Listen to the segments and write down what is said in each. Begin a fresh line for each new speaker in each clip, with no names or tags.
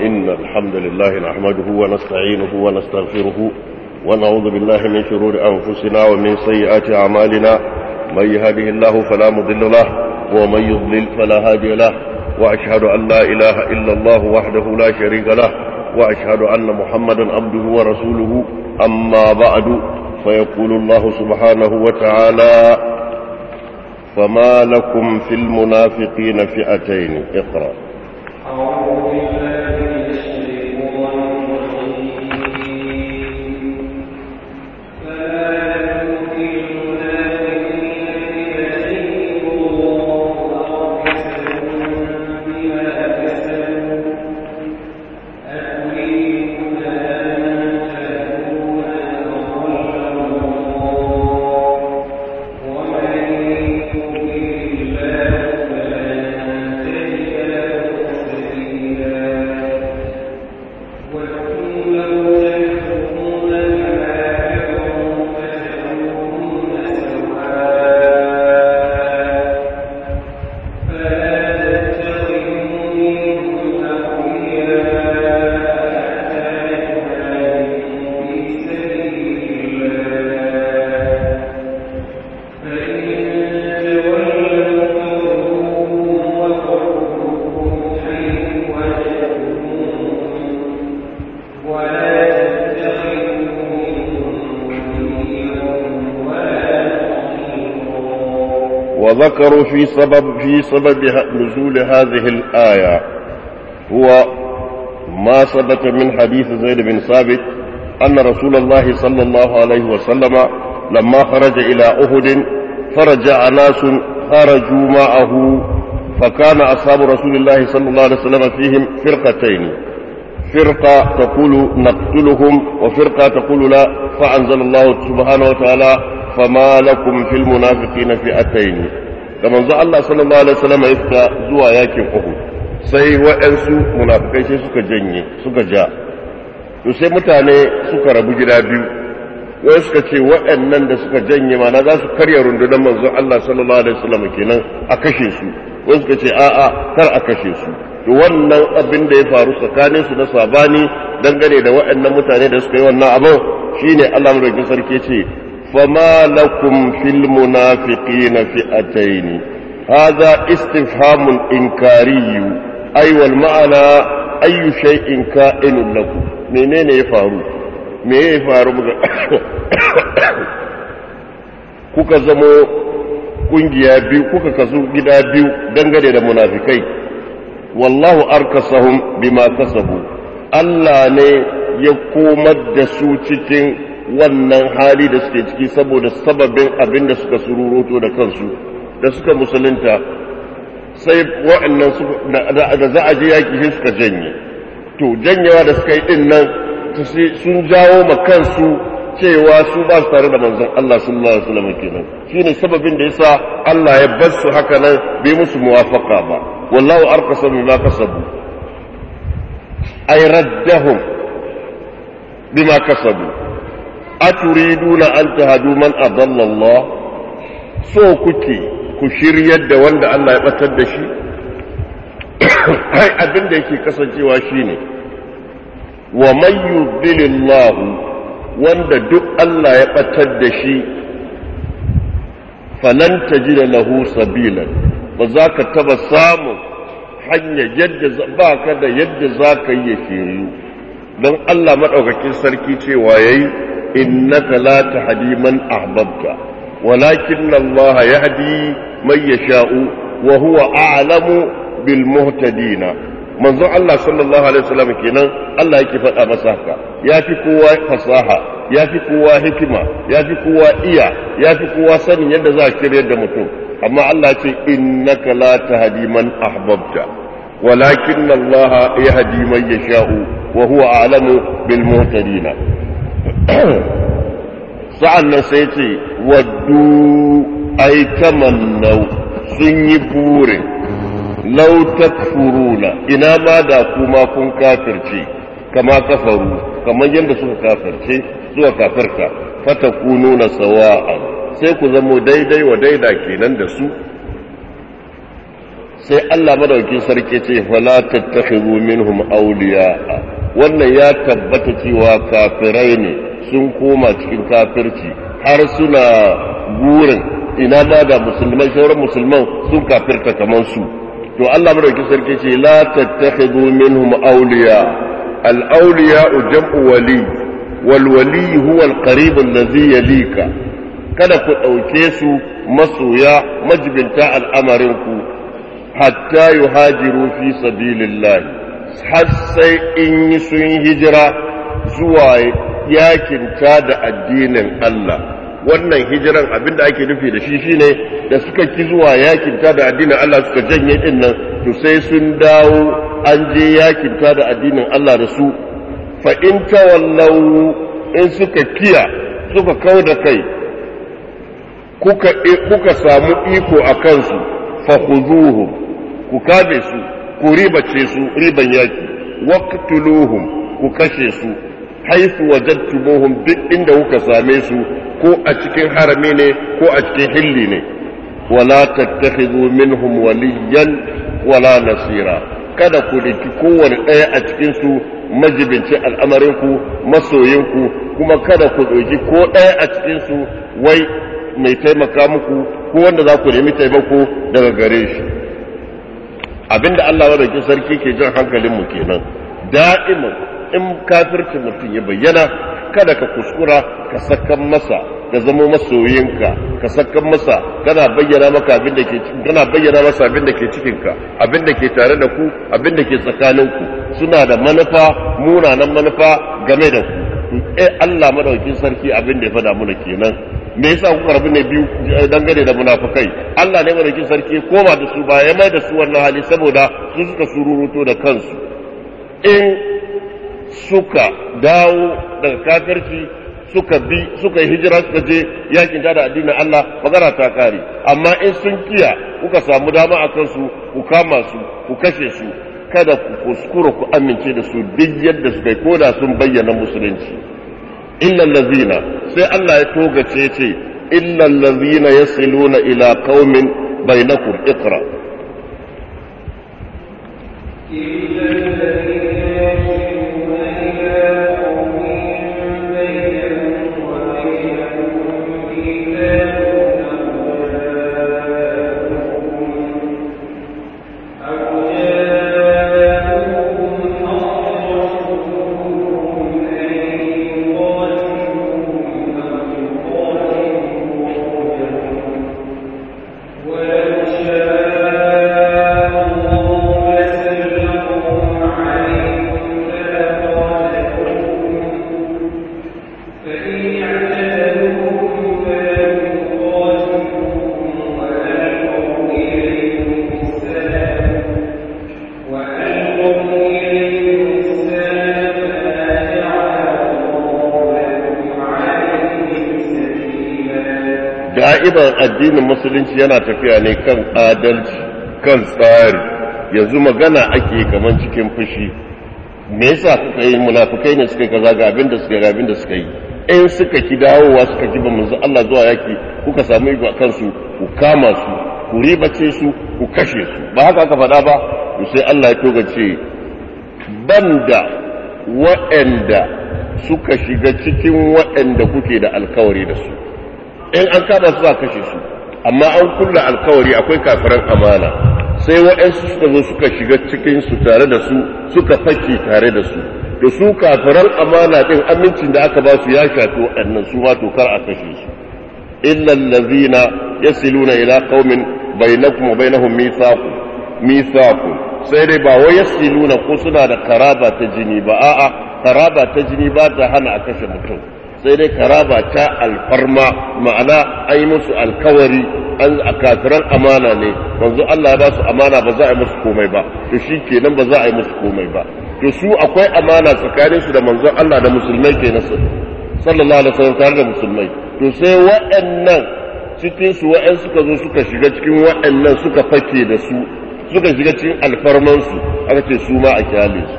إن الحمد لله نحمده ونستعينه ونستغفره ونعوذ بالله من شرور أنفسنا ومن سيئات أعمالنا من يهده الله فلا مضل له ومن يضلل فلا هادي له وأشهد أن لا إله إلا الله وحده لا شريك له وأشهد أن محمدا عبده ورسوله أما بعد فيقول الله سبحانه وتعالى فما لكم في المنافقين فئتين اقرأ
أعوذ بالله
في سبب في سبب نزول هذه الآية هو ما ثبت من حديث زيد بن ثابت أن رسول الله صلى الله عليه وسلم لما خرج إلى أهد فرجع ناس خرجوا معه فكان أصحاب رسول الله صلى الله عليه وسلم فيهم فرقتين فرقة تقول نقتلهم وفرقة تقول لا فأنزل الله سبحانه وتعالى فما لكم في المنافقين فئتين da manzo Allah sallallahu alaihi wasallam ya fita zuwa yakin Uhud sai waɗansu munafikai sai suka janye suka ja to sai mutane suka rabu gida biyu wai suka ce waɗannan da suka janye mana za su karya rundunar manzon Allah sallallahu alaihi wasallam kenan a kashe su wai suka ce a'a kar a kashe su to wannan abin da ya faru tsakanin su na sabani dangane da waɗannan mutane da suka yi wannan abin shine Allah madaukakin sarki ce فما لكم في المنافقين فئتين هذا استفهام إنكاري أي والمعنى أي شيء كائن لكم منين يفعلوا me ya faru kuka zamo kungiya biyu kuka kasu gida biyu dangane da munafikai wallahu arkasahum bima kasabu Allah ne ya komar da su cikin wannan hali da suke ciki saboda sababin abin da suka sururoto da kansu da suka musulunta sai wa'annan da za a je yaki shi suka janye to janyewa da suka yi din nan sun jawo ma kansu cewa su ba su tare da manzon Allah sallallahu alaihi wasallam kenan shine sababin da yasa Allah ya bar su haka nan bai musu muwafaka ba wallahu arqasamu la kasabu ay raddahum bima kasabu aturidu an tahadu man adalla Allah so kuke ku shiryar da wanda Allah ya batar da shi ai abin da yake kasancewa shine wa man yudlilillah wanda duk Allah ya batar da shi falan tajida lahu sabilan ba za ka samun hanya yadda ba ka da yadda za ka yi ya shiriyu don Allah maɗaukakin sarki cewa yayi innaka la tahdi man ahbabta walakin Allah yahdi man yasha'u wa huwa a'lamu bil muhtadina manzon Allah sallallahu alaihi wasallam kenan Allah yake faɗa masa haka ya fi kowa fasaha ya fi kowa hikima ya fi kowa iya ya fi kowa sanin yadda za a shiryar da mutum amma Allah ce innaka la tahdi man ahbabta walakin Allah mai ya sha'u. wa huwa a'lamu bil muhtadina sa'an na sai ce waddu ay kamannau sun yi burin law takfuruna ina ma da kuma kun kafirce kama kafaru kamar yadda suka kafirce zuwa kafirta fatakununa sawa'an sai ku zamo daidai wa daida kenan da su sai Allah madaukin sarki ce fala tattakhidhu minhum awliya'a wannan ya tabbata cewa kafirai ne sun koma cikin kafirci har suna gurin ina da da musulmai sauran musulman sun kafirta kamar su to Allah madauki sarki ce la tattakhidhu minhum awliya al awliya jam'u wali wal wali huwa al qarib allazi yalika kada ku dauke su masoya majibinta ku hatta yuhajiru fi sabilillahi har sai in yi sun hijira zuwa yakinta da addinin Allah wannan hijiran abinda ake nufi da shi shine da suka ki zuwa yakin ta da addinin Allah suka janye din nan to sai sun dawo an je yakin da addinin Allah da su fa in tawallau in suka kiya suka kau da kai kuka samu iko a kansu fa zuhu ku kabe su ku ribace su riban yaki waqtuluhum ku kashe su haythu wajadtumuhum duk inda kuka same su ko a cikin harami ne ko a cikin hilli ne wala tattakhidhu minhum waliyan wala nasira kada ku riki kowane ɗaya a cikin su majibincin masoyin ku kuma kada ku ɗauki ko ɗaya a cikin su wai mai taimaka muku ko wanda za ku nemi taimako daga gare shi abinda Allah madaukin sarki ke jan hankalin mu kenan da'iman in kafirci mutum ya bayyana kada ka kuskura ka sakan masa ka zamo masoyinka ka sakan masa kana bayyana maka abin da ke kana bayyana masa abin ke cikinka abin da ke tare da ku abin da ke tsakaninku suna da manufa munanan manufa game da ku eh Allah madaukin sarki abin da ya fada mana kenan me yasa kuka rabu ne biyu eh, dangane da munafukai Allah ne mai sarki koma da su ba ya mai da su wannan hali saboda su suka sururuto da kansu in suka dawo daga kafirci suka bi suka yi hijira suka je yakin da addinin Allah magana ta kare amma in sun kiya kuka samu dama a kansu ku kama su ku kashe su kada ku kuskura ku amince da su duk yadda suka yi koda sun bayyana musulunci إلا الذين سي الله يتوقع شيء إلا الذين يصلون إلى قوم بينكم اقرأ
إلا الذين
kiban addinin musulunci yana tafiya ne kan adalci kan tsari yanzu magana ake kaman cikin fushi me yasa kuka yi munafukai ne suka kaza ga abin da suka ga abin da suka yi in suka ki dawowa suka ba manzo Allah zuwa yaki kuka samu ido akan su ku kama su ku ribace su ku kashe su ba haka aka faɗa ba sai Allah ya togace banda waɗanda suka shiga cikin waɗanda kuke da alkawari da su in an kama su a kashe su amma an kulla alkawari akwai kafiran amana sai waɗansu suka zo suka shiga cikin su tare da su suka fake tare da su da su kafiran amana din amincin da aka ba su ya shafi waɗannan su ma to kar a kashe su illa allazina yasiluna ila qaumin bainakum wa bainahum mithaqun mithaqun sai dai ba wai yasiluna ko suna da karaba ta jini ba a'a karaba ta jini ba ta hana a kashe mutum sai dai karaba ta alfarma ma'ana ai musu alkawari an kafiran amana ne manzo Allah ya ba su amana ba za a yi musu komai ba to shi kenan ba za a yi musu komai ba to su akwai amana tsakanin su da manzon Allah da musulmai ke nasu sallallahu alaihi wasallam tare da musulmai to sai wa'annan cikin su wa'an suka zo suka shiga cikin wa'annan suka fake da su suka shiga cikin alfarman su aka ce su ma a kyale su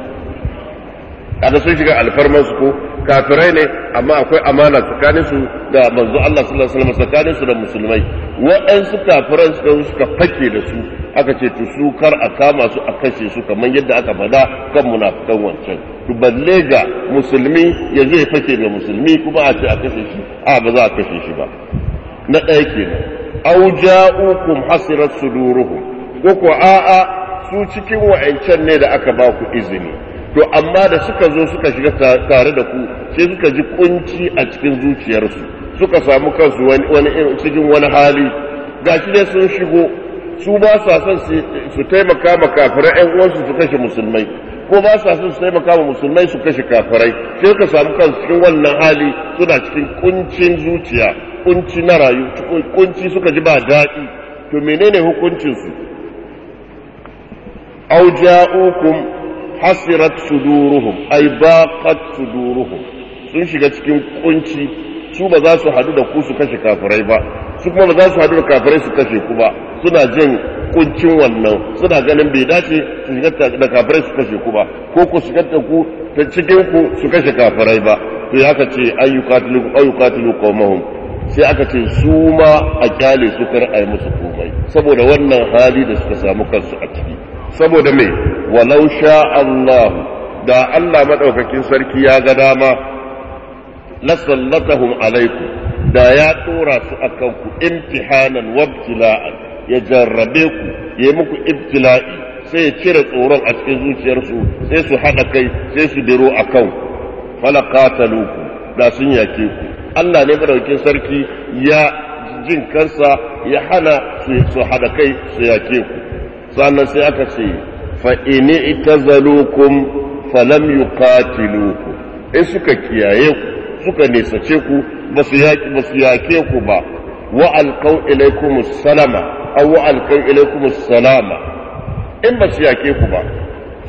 kada sun shiga alfarman su ko kafirai ne amma akwai amana tsakanin su da manzo Allah sallallahu alaihi wasallam tsakanin su da musulmai waɗansu kafiran suka suka fake da su aka ce to su kar a kama su a kashe su kamar yadda aka faɗa kan munafikan wancan to balle ga musulmi ya zai fake da musulmi kuma a ce a kashe shi a ba za a kashe shi ba na ɗaya kenan aw ja'ukum hasirat suduruhum ko ko a'a su cikin wa'ancan ne da aka ba ku izini to amma da suka zo suka shiga tare da ku sai suka ji kunci a cikin zuciyarsu suka samu kansu wani cikin wani hali gashi dai sun shigo su ba sa son su taimaka ma kafirai ƴan uwansu su kashe musulmai ko ba sa son su taimaka ma musulmai su kashe kafirai sai ka samu kansu cikin wannan hali suna cikin kuncin zuciya kunci na rayu kunci suka ji ba daɗi to menene hukuncinsu? su au hasirat suduruhum ay baqat suduruhum sun shiga cikin kunci su ba za su hadu da ku su kashe kafirai ba su kuma ba za su hadu da kafirai su kashe ku ba suna jin kuncin wannan suna ganin bai dace su shiga da kafirai su kashe ku ba ko ku shiga da ku ta cikin ku su kashe kafirai ba to ya ce ayyukatilu ayyukatilu qawmahum sai aka ce su ma a kyale su kar a yi musu komai saboda wannan hali da suka samu kansu a ciki saboda me walau sha Allah da Allah maɗaukakin sarki ya ga dama la sallatahum alaikum da ya tsora su akan ku imtihanan wabtila'an ya jarrabe ku ya muku ibtila'i sai ya cire tsoron a cikin zuciyarsu sai su haɗa kai sai su biro a kan falakatalu da sun yake ku Allah ne maɗaukin sarki ya jin kansa ya hana su haɗa kai su yake ku sannan sai aka ce fa'ini itazalukum falam yuqatilukum in suka kiyaye ku suka ce ku ba su yake ku ba wa alqaw ilaykum salama aw wa alqaw ilaykum salama in ba su yake ku ba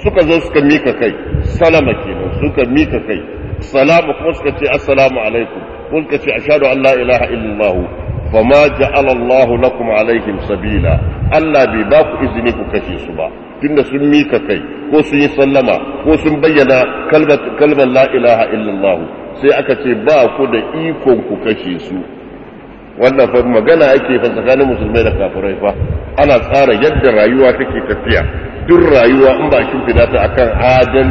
suka zo suka mika kai salama kenan suka mika kai salama kuma suka ce assalamu alaikum kun ka ce ashhadu Allah la ilaha illallah fama ja'alallahu Allahu lakum alaihim sabila Allah bai baku izini ku kashe su ba tunda sun mika kai ko sun yi sallama ko sun bayyana kalmar la'ilaha, ilaha illallah sai aka ce ba ku da ikon ku kashe su wannan fa magana ake fa tsakanin musulmai da kafirai fa ana tsara yadda rayuwa take tafiya duk rayuwa in ba shimfida ta akan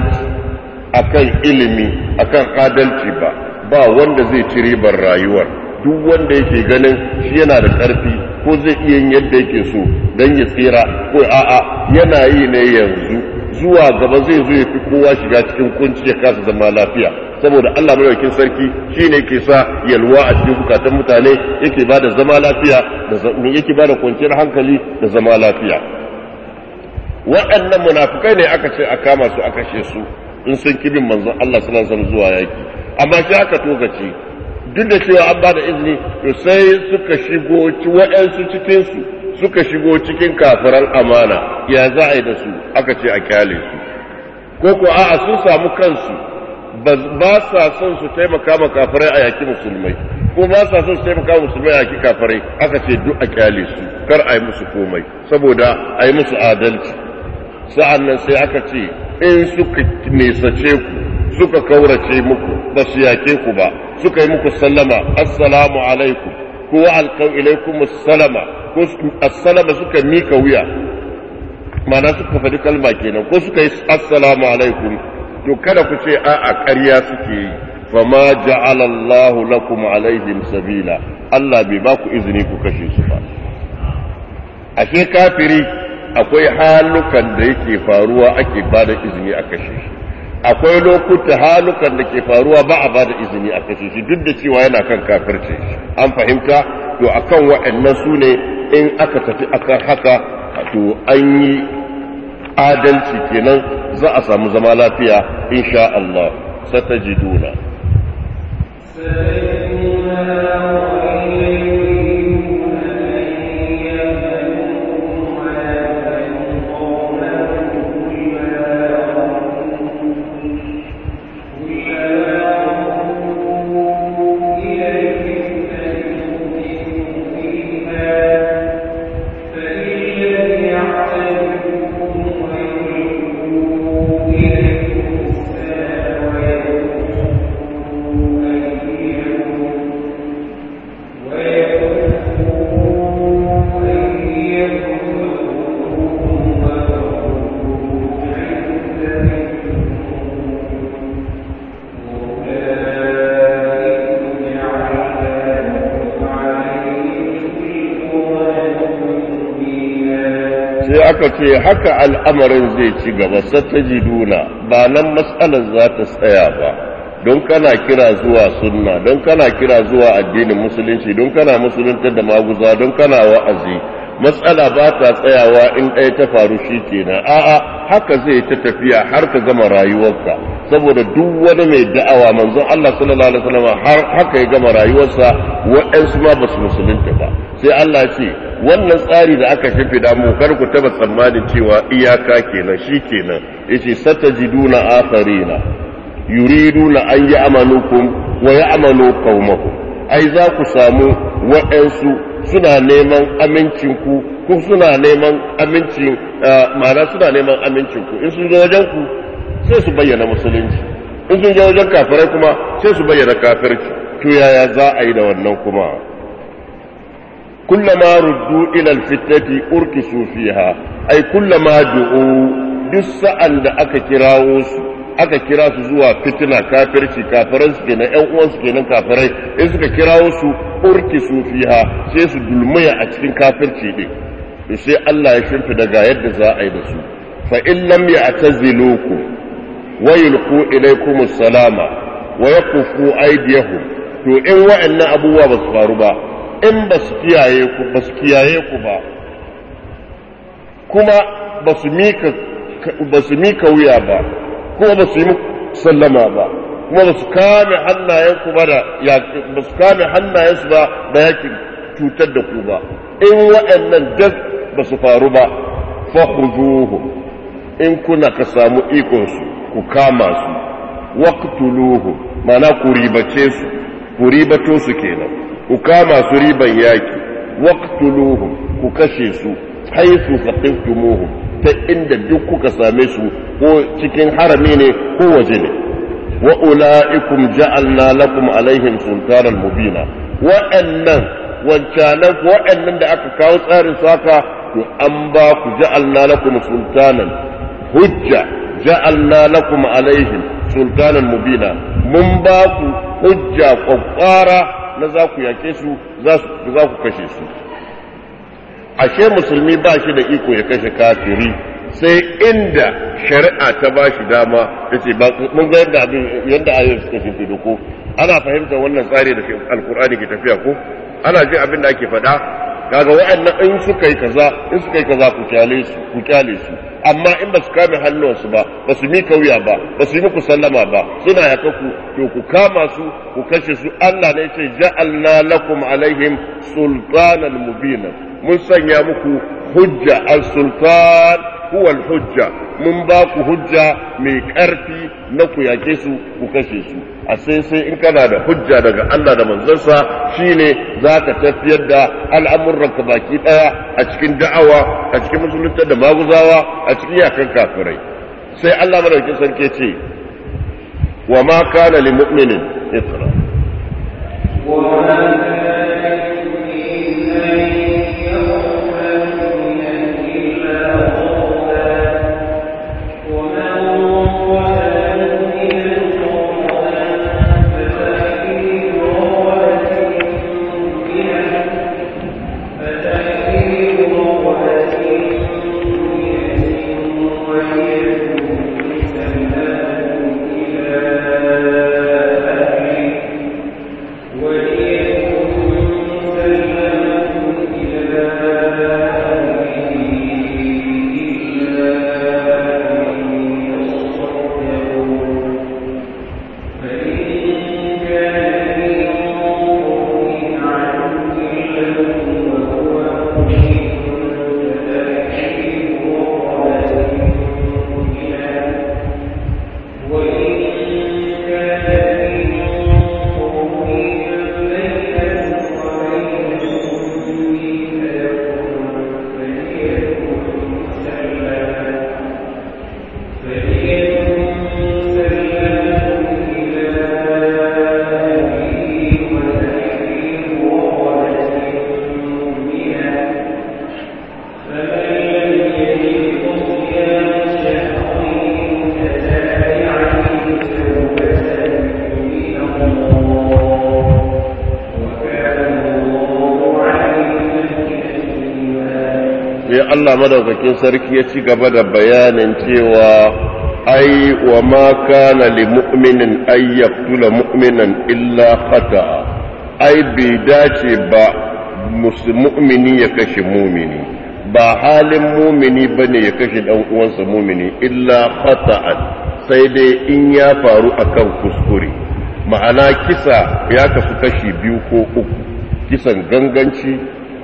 akan ilimi akan adalci ba ba wanda zai ci ribar rayuwar duk wanda yake ganin shi yana da ƙarfi ko zai iya yin yadda yake so don ya tsira ko a'a yana yi ne yanzu zuwa gaba zai zo ya fi kowa shiga cikin kunci ya kasa zama lafiya saboda Allah madaukakin sarki shi ne ke sa yalwa a cikin bukatun mutane yake ba da zama lafiya da yake ba da kwanciyar hankali da zama lafiya waɗannan munafukai ne aka ce a kama su a kashe su in sun kibin manzon Allah suna alaihi zuwa yaki amma shi aka tokaci duk da cewa an ba da izini to sai suka shigo waɗansu cikinsu suka shigo cikin kafiran amana ya za a yi da su aka ce a kyale su ko ko a'a sun samu kansu ba sa son su taimaka ma kafirai a yaki musulmai ko ba sa son su taimaka ma musulmai a yaki kafirai aka ce duk a kyale su kar a yi musu komai saboda a yi musu adalci sa'an nan sai aka ce in suka nesace ku suka kaurace muku ba su yake ku ba suka yi muku sallama assalamu alaikum ko alkau ilaikum assalama ko assalama suka mika wuya ma'ana suka faɗi kalma kenan ko suka yi assalamu alaikum to kada ku ce a'a ƙarya suke yi ma ja'ala Allah lakum alaihim sabila Allah bai ba ku izini ku kashe su ba ashe kafiri akwai halukan da yake faruwa ake bada izini a kashe shi akwai lokuta halukan da ke faruwa ba a bada izini a kashe shi duk da cewa yana kan kafirce an fahimta to akan waɗannan su ne in aka tafi akan haka to an yi adalci kenan za a samu zama lafiya in sha Allah sata ji duna. aka ce haka al'amarin zai ci gaba duna ba nan matsalar za ta tsaya ba don kana kira zuwa sunna don kana kira zuwa addinin musulunci don kana musulunta da maguza don kana wa'azi matsala ba ta tsayawa in ɗaya ta faru shi kenan a'a haka zai ta tafiya har ka gama rayuwarka saboda duk wani mai da'awa manzon Allah sallallahu alaihi wasallam har haka ya gama rayuwarsa waɗansu ma basu musulunta ba sai Allah ya ce wannan tsari da aka shafe da mu kar ku taba tsammanin cewa iyaka kenan shi shikenan yace satajiduna akharina yuriduna an ya'manukum wa ya'manu qaumakum ai za ku samu waɗansu suna neman amincin ku ko suna neman amincin eh, ma'ana suna neman amincin ku in sun zo wajen ku sai su bayyana musulunci in sun je wajen kafirai kuma sai su bayyana kafirci to yaya za a yi da wannan kuma kullama ruddu ila alfitati urkisu fiha ay kullama du'u duk sa'an da aka kirawo su aka kira su zuwa fitina kafirci kafiran su kenan ƴan uwan su kenan kafirai in suka kirawo su urkisu fiha sai su dulmaya a cikin kafirci din to sai Allah ya shimfi daga yadda za a yi da su fa in lam ya'tazilukum wa yulqu ilaykum salama wa yaqufu aydiyahum to in wa'annan abubuwa ba su faru ba in ba su kiyaye ku ba su kiyaye ku ba kuma ba su mika ba su mika wuya ba kuma ba su yi sallama ba kuma ba su kame hannayensu ba da ba su kame su ba da yakin cutar da ku ba in wa'annan duk ba su faru ba fa in kuna ka samu ikonsu ku kama su waqtuluhu mana ku ribace su ku ribato su kenan ku kama su riban yaki waqtuluhu ku kashe su haisu faqiftumuhu ta inda duk kuka same su ko cikin harami ne ko waje ne wa ula'ikum ja'alna lakum alaihim sultanan mubina wa'annan wancanan wa'annan da aka kawo tsarin saka to an ba ku ja'alna lakum sultanan hujja ja'alna lakum alaihim sultanan mubina mun ba ku hujja kwakwara na za ku yake su za ku kashe su ashe musulmi ba shi da iko ya kashe kafiri sai inda shari'a ta ba shi dama ta ce mun ga yadda abin yadda ayoyin suka shi ko ana fahimtar wannan tsari da alkur'ani ke tafiya ko ana jin abin da ake faɗa kaga wa'annan in suka yi kaza in suka yi kaza ku kyale su ku kyale su amma in ba su kame hannuwansu ba ba su mika wuya ba ba su yi muku sallama ba suna yaka ku to ku kama su ku kashe su Allah ne ce ja'alna lakum alaihim sultanan mubina mun sanya muku hujja al-sultan huwal hujja mun ba ku hujja mai ƙarfi na ku yake su ku kashe su a sai sai in kana da hujja daga Allah da manzansa shine za ka tafiyar da ka baki ɗaya a cikin da'awa a cikin musulunta da maguzawa a cikin yakan kafirai sai Allah madaukin sarki ce wa ma kana lil mu'minin ikra wa Allah madaukakin sarki ya ci gaba da bayanin cewa ai wa ma kana li mu'minin ay mu'minan illa khata ai bai dace ba mu'mini ya kashe mu'mini ba halin mu'mini bane ya kashe dan uwansa mu'mini illa khata'an sai dai in ya faru akan kuskure ma'ana kisa ya kafu kashi biyu ko uku kisan ganganci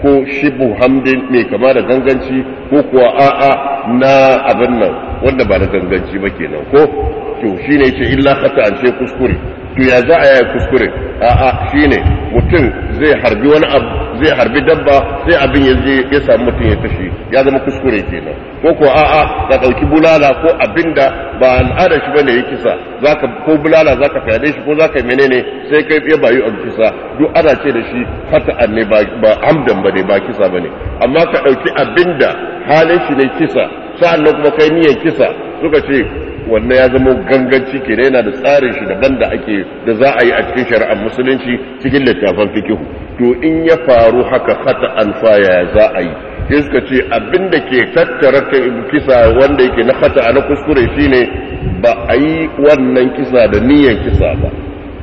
ko shibu hamdin mai kama da ganganci ko kuwa a'a na abin nan wanda ba na ganganci ba kenan ko to shine ce illa hata an sai kuskure to ya za a yi kuskure a'a shine mutum zai harbi wani abu zai harbi dabba sai abin ya ya samu mutum ya tashi ya zama kuskure kenan ko ko a'a ka dauki bulala ko abinda ba al'ada shi bane ya kisa ko bulala zaka fayade shi ko zaka menene sai kai ya bayu a kisa duk ana ce da shi an ne ba amdan bane ba kisa bane amma ka dauki abinda halin shi ne kisa nan kuma kai niyyar kisa suka ce wannan ya zama ganganci ke yana da tsarin shi daban da ake da za a yi a cikin shari'ar musulunci cikin littafan fikihu to in ya faru haka hata an faya za a yi sai suka ce abin da ke tattara kisa wanda yake na hata na kuskure shine ba a yi wannan kisa da niyyar kisa ba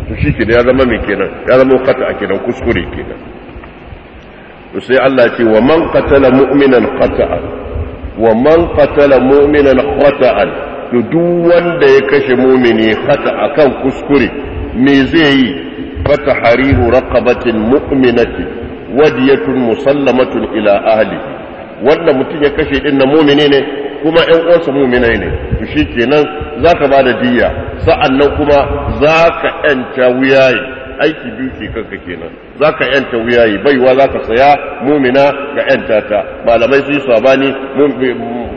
to shi ke ya zama mai kenan ya zama hata a kenan kuskure kenan to sai Allah ce wa man qatala mu'minan qata'a wa man qatala mu'minan khata'an to duk wanda ya kashe mumini khata'a kan kuskure me zai yi fata harihu raqabatin mu'minati wadiyatun musallamatun ila ahli wanda mutum ya kashe din na mumini ne kuma ɗan uwansa muminai ne to shikenan zaka bada diya sa'annan kuma zaka ƴanta wuyaye aiki biyu ke kanka kenan ka yanta wuyayi baiwa zaka saya mumina ga yanta ta malamai su yi sabani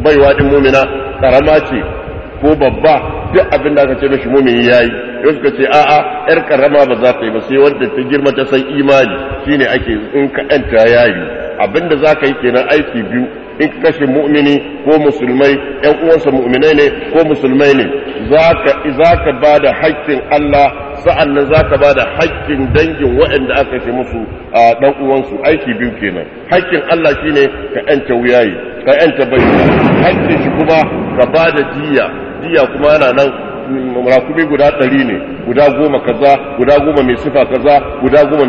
baiwa din mumina karama ce ko babba duk abin da aka ce mishi mumini yayi yau suka ce a'a yar karama ba za ta yi ba sai wanda ta girma ta san imani shine ake in ka yanta yayi Abin da za ka yi kenan aiki biyu in kashe mu'mini ko musulmai ‘yan uwansa mu'minai ne ko musulmai ne za ka ba da haƙƙin Allah sa'an nan za ka ba da haƙƙin dangin waɗanda aka ce musu a ɗan uwansu aiki biyu kenan haƙƙin Allah shine ka ‘yanta wuyayi ka ‘yanta bai haƙƙin shi kuma ka ba da kuma yana nan mm, rakumi guda ɗari ne guda goma kaza guda goma mai sifa kaza guda goma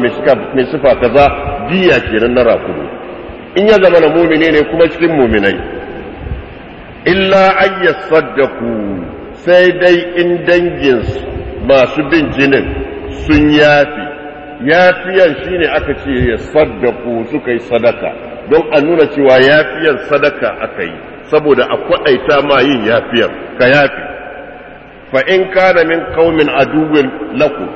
mai sifa kaza diya kenan na rakumi in ya zama na mumini ne kuma cikin muminai illa ayya saddaku sai dai in dangin masu bin jinin sun yafi yafiyan shine aka ce ya saddaku suka yi sadaka don a nuna cewa yafiyan sadaka aka yi saboda a kwaɗaita ma yin yafiyan ka yafi fa in kana min qaumin aduwwin laku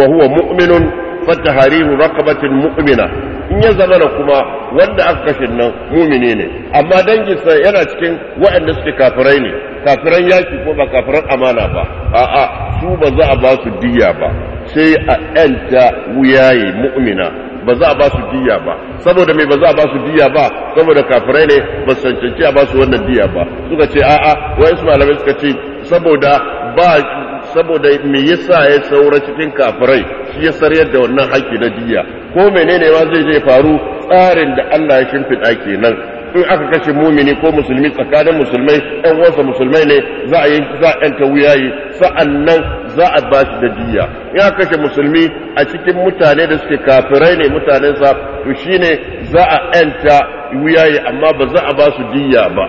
wa huwa mu'minun fataharimu raqabatin mu'mina in ya zamana kuma wanda aka kashe nan mumine ne amma danginsa yana cikin waɗanda suke kafirai ne kafiran yaki ko ba kafiran amana ba a'a su ba za a ba su diya ba sai a ƴanta wuyaye mu'mina ba za a ba su diya ba saboda me ba za a ba su diya ba saboda kafirai ne ba su cancanci a ba su wannan diya ba suka ce a'a wai su malamai suka ce saboda ba saboda me yasa ya saura cikin kafirai shi ya saryar da wannan haƙƙi na diya ko menene ma zai je faru tsarin da Allah ya shimfiɗa kenan in aka kashe mumini ko musulmi tsakanin musulmai ɗan wasa musulmai ne za a yi za a yanka wuyayi sa'annan za a ba shi da diya in aka kashe musulmi a cikin mutane da suke kafirai ne mutanensa to shine za a yanta wuyayi amma ba za a ba su diya ba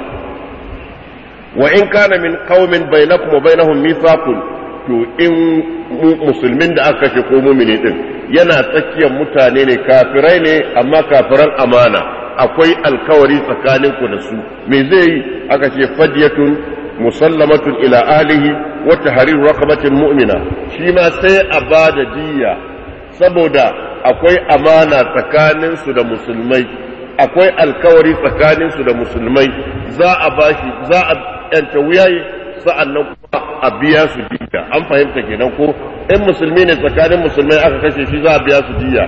wa in kana min qaumin bainakum wa bainahum mithaqun to in musulmin da aka kashe ko mumini din yana tsakiyar mutane ne kafirai ne amma kafiran amana akwai alkawari tsakanin ku da su me zai yi aka ce fadiyatun musallamatun ila alihi wa tahrir raqabatin mu'mina shi ma sai a bada diya saboda akwai amana tsakanin su da musulmai akwai alkawari tsakanin su da musulmai za a bashi za a yanta wuyaye sa'annan kuma a biya su diya an fahimta kenan ko in musulmi ne tsakanin musulmai aka kashe shi za a biya su diya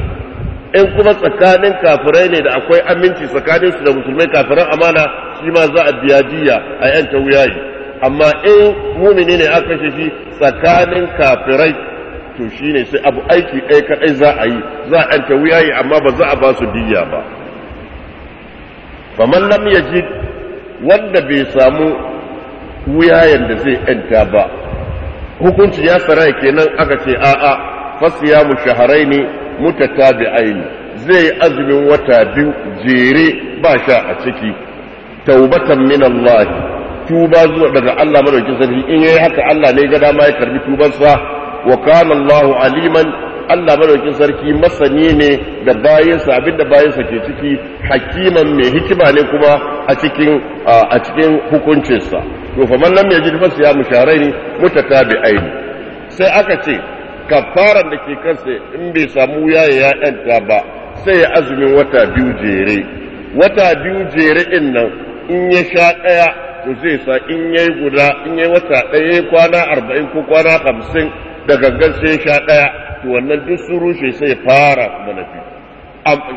in kuma tsakanin kafirai ne da akwai aminci tsakanin su da musulmai kafiran amana shi ma za a biya diya a ta wuyayi amma in mumini ne aka kashe shi tsakanin kafirai to shine sai abu aiki ɗaya kaɗai za a yi za a ta wuyayi amma ba za a ba su diya ba faman lam ji wanda bai samu wuyayen da zai yanta ba hukunci ya saraya kenan aka ce a'a fasiyamu shaharaini mutatabi'aini zai yi azumin wata biyu jere ba sha a ciki taubatan min Allah tuba zuwa daga Allah madaukin sarki in yayi haka Allah ne ga dama ya karbi tubansa wa kana Allahu aliman Allah madaukin sarki masani ne da bayansa da bayansa ke ciki hakiman mai hikima ne kuma a cikin a cikin hukuncinsa to fa man lam yajid fa musharaini sharaini mutatabi'ain sai aka ce kafaran da ke kansa in bai samu yaya ya yanta ba sai ya azumin wata biyu jere wata biyu jere din nan in ya sha daya to zai sa in yayi guda in yayi wata daya kwana 40 ko kwana 50 da gangan sai sha ɗaya to wannan duk sun rushe sai fara manafi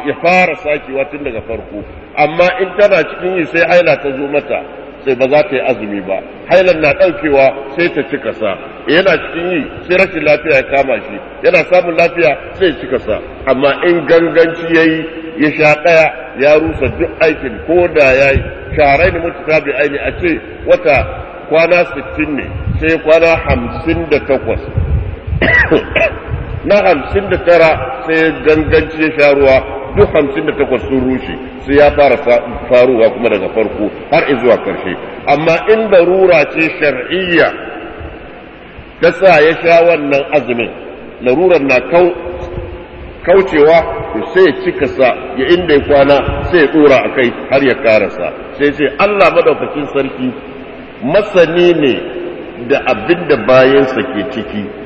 ya fara sakewa tun daga farko amma in tana cikin yi sai haila ta zo mata sai ba za ta yi azumi ba hailan na ɗaukewa sai ta cika sa yana cikin yi sai rashin lafiya ya kama shi yana samun lafiya sai ya cika sa amma in ganganci ya yi ya sha ɗaya ya rusa duk aikin ko da ya yi sharai ne mutu ta bi aini a ce wata kwana sittin ne sai kwana hamsin da 58 na hamsin da tara sai ganganci ya sha ruwa duk hamsin da takwas sun rushe sai ya fara faruwa kuma daga farko har zuwa karshe amma in rura ce shar'iyya ta sa ya sha wannan azumin larurar na kaucewa sai ya cika sa ya inda ya kwana sai ya tsora a kai har ya karasa sai sai allah madaukakin sarki masani ne da abin da bayansa ke ciki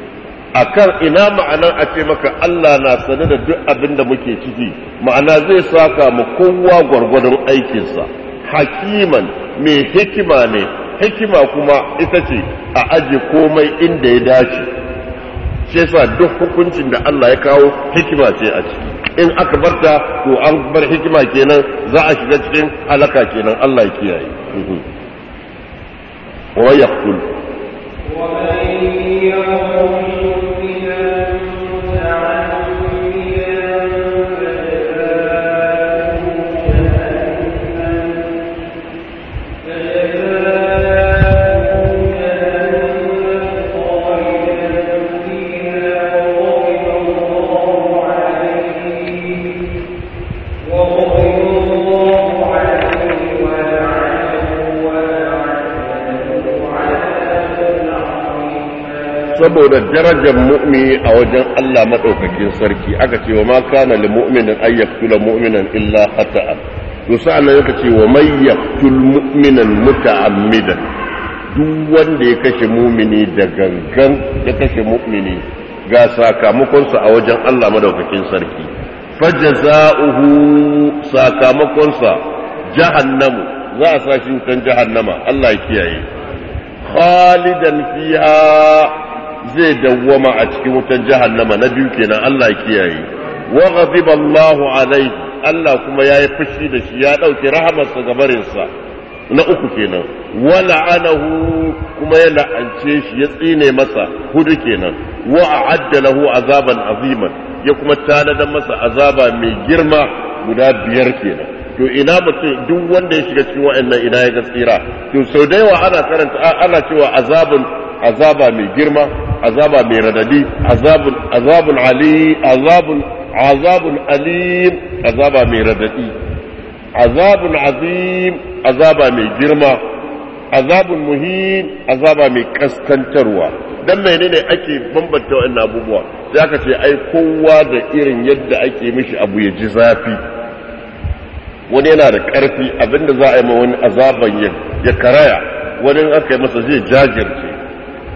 A kan ina ma'anan a ce maka Allah na sane da duk abin da muke ciki ma'ana zai saka mu kowa gwargwadon aikinsa hakiman mai hikima ne hikima kuma ita ce a aje komai inda ya dace shi yasa duk hukuncin da Allah ya kawo hikima ce a ciki in aka barta to an bar hikima kenan za a shiga cikin halaka kenan Allah ya kiyaye mhm. wa yaqul
wa man
saboda darajar mu'mini a wajen Allah madaukakin sarki aka ce wa ma kana lil mu'minin an yaktula mu'minan illa khata'a to sa'an yaka ce wa may yaktul mu'minan muta'ammidan duk wanda ya kashe mu'mini da gangan ya kashe mu'mini ga sakamakon sa a wajen Allah madaukakin sarki jazaohu sakamakon sa jahannamu za a sa shi kan jahannama Allah ya kiyaye khalidan fiya. zai dawwama a cikin wutar jahannama na biyu kenan Allah kiyaye wa ghadiba Allahu alaihi Allah kuma yayi fushi da shi ya dauki rahamarsa ga barinsa na uku kenan wa la'anahu kuma ya la'ance shi ya tsine masa hudu kenan wa a'adda lahu azaban aziman ya kuma tanadar masa azaba mai girma guda biyar kenan to ina mutum duk wanda ya shiga cikin wa'annan ina ya ga tsira to sau da yawa ana karanta ana cewa azabun azaba mai girma azaba mai radadi azabun ali azabun azabun alim azaba mai radadi azabun azim azaba mai girma azabun muhim azaba mai kaskantarwa dan menene ake bambanta wannan abubuwa sai aka ce ai kowa da irin yadda ake mishi abu ya ji zafi wani yana da karfi abinda za a yi ma wani azaban ya karaya wani aka yi masa zai jajirce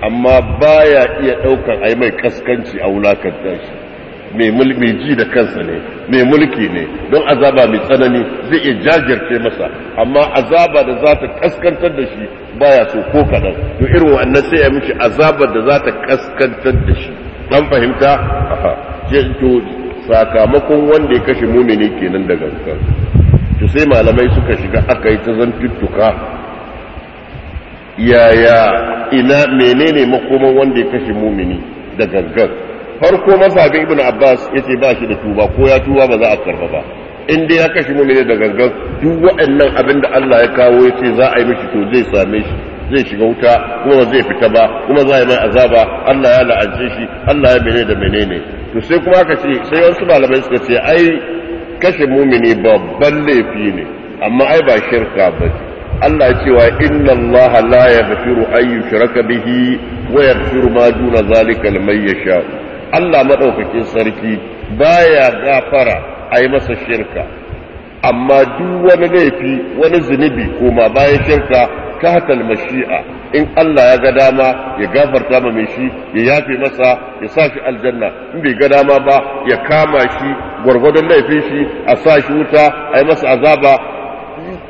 amma baya iya a ai mai kaskanci a wulakar shi mai ji da kansa ne mai mulki ne don azaba mai tsanani zai iya jajirce masa amma azaba da za ta kaskantar da shi baya so ko kaɗan to irin wannan sai ya mishi azaba da za ta kaskantar da shi an fahimta to sakamakon wanda ya kashe mumini kenan da gangan to sai malamai suka shiga aka yi ta zantuttuka yaya ina menene makoman wanda ya kashe mumini da gaggar farko masabi ibnu abbas yace ba shi da tuba ko ya tuba ba za a karba ba in dai ya kashe mumini da gaggar duk waɗannan abin da Allah ya kawo yace za a yi mishi to zai same shi zai shiga wuta kuma ba zai fita ba kuma za a yi mai azaba Allah ya la'ance shi Allah ya menene da menene to sai kuma aka ce sai wasu malamai suka ce ai kashe mumini babban laifi ne amma ai ba shirka ba Allah ya cewa inna Allah la yaghfiru an yushraka bihi wa yaghfiru ma duna zalika liman yasha Allah madaukakin sarki baya gafara ai masa shirka amma duk wani laifi wani zunubi koma bayan shirka katal mashi'a in Allah ya ga dama ya gafarta ma mai shi ya yafe masa ya sa shi aljanna in bai ga dama ba ya kama shi gwargwadon laifin shi a sa shi wuta a yi masa azaba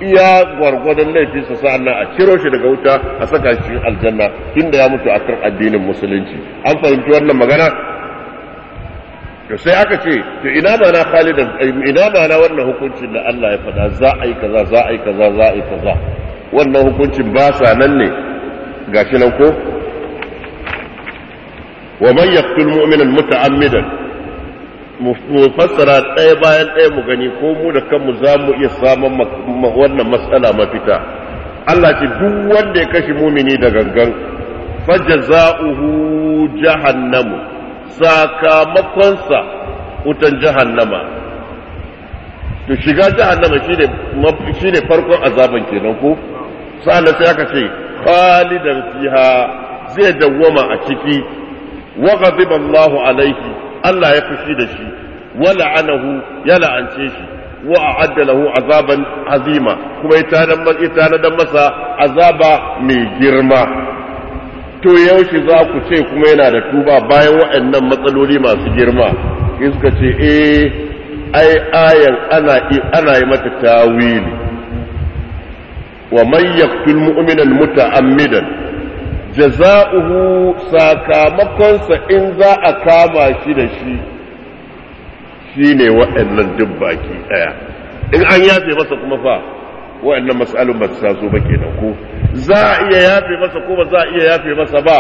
iya gwargwadon laifinsa sa'annan a ciro shi daga wuta a saka shi aljanna inda ya mutu a kan addinin musulunci an fahimci wannan magana to sai aka ce to ina ma na khalidan ina ma na wannan hukuncin da Allah ya faɗa za a yi kaza za a yi kaza za a yi kaza wannan hukuncin ba sa nan ne gashi nan ko wa man yaqtul mu'mina muta'ammidan mu fassara ɗaya bayan ɗaya mu gani ko mu da kanmu za mu iya samun wannan matsala mafita Allah ce duk wanda ya kashe mumini da gangan fajaza'uhu jahannamu sakamakonsa wutan jahannama to shiga jahannama shine farkon azaban kenan ko sa'an sai aka ce khalidan fiha zai dawwama a ciki wa ghadiba Allahu alaihi Allah ya fushi da shi wala anahu ya la'ance shi wa a'adda lahu azaban azima kuma ya da masa azaba mai girma to yaushe za ku ce kuma yana da tuba bayan waɗannan matsaloli masu girma iska ce eh ai ayan ana ana yi mata tawili wa man yaqtul mu'minan muta'ammidan jaza'uhu sakamakonsa in za a kama shi da shi shi ne waɗannan duk baki ɗaya in an yafe masa kuma fa waɗannan mas'alun ba su taso ba kenan ko za a iya yafe masa ko ba za a iya yafe masa ba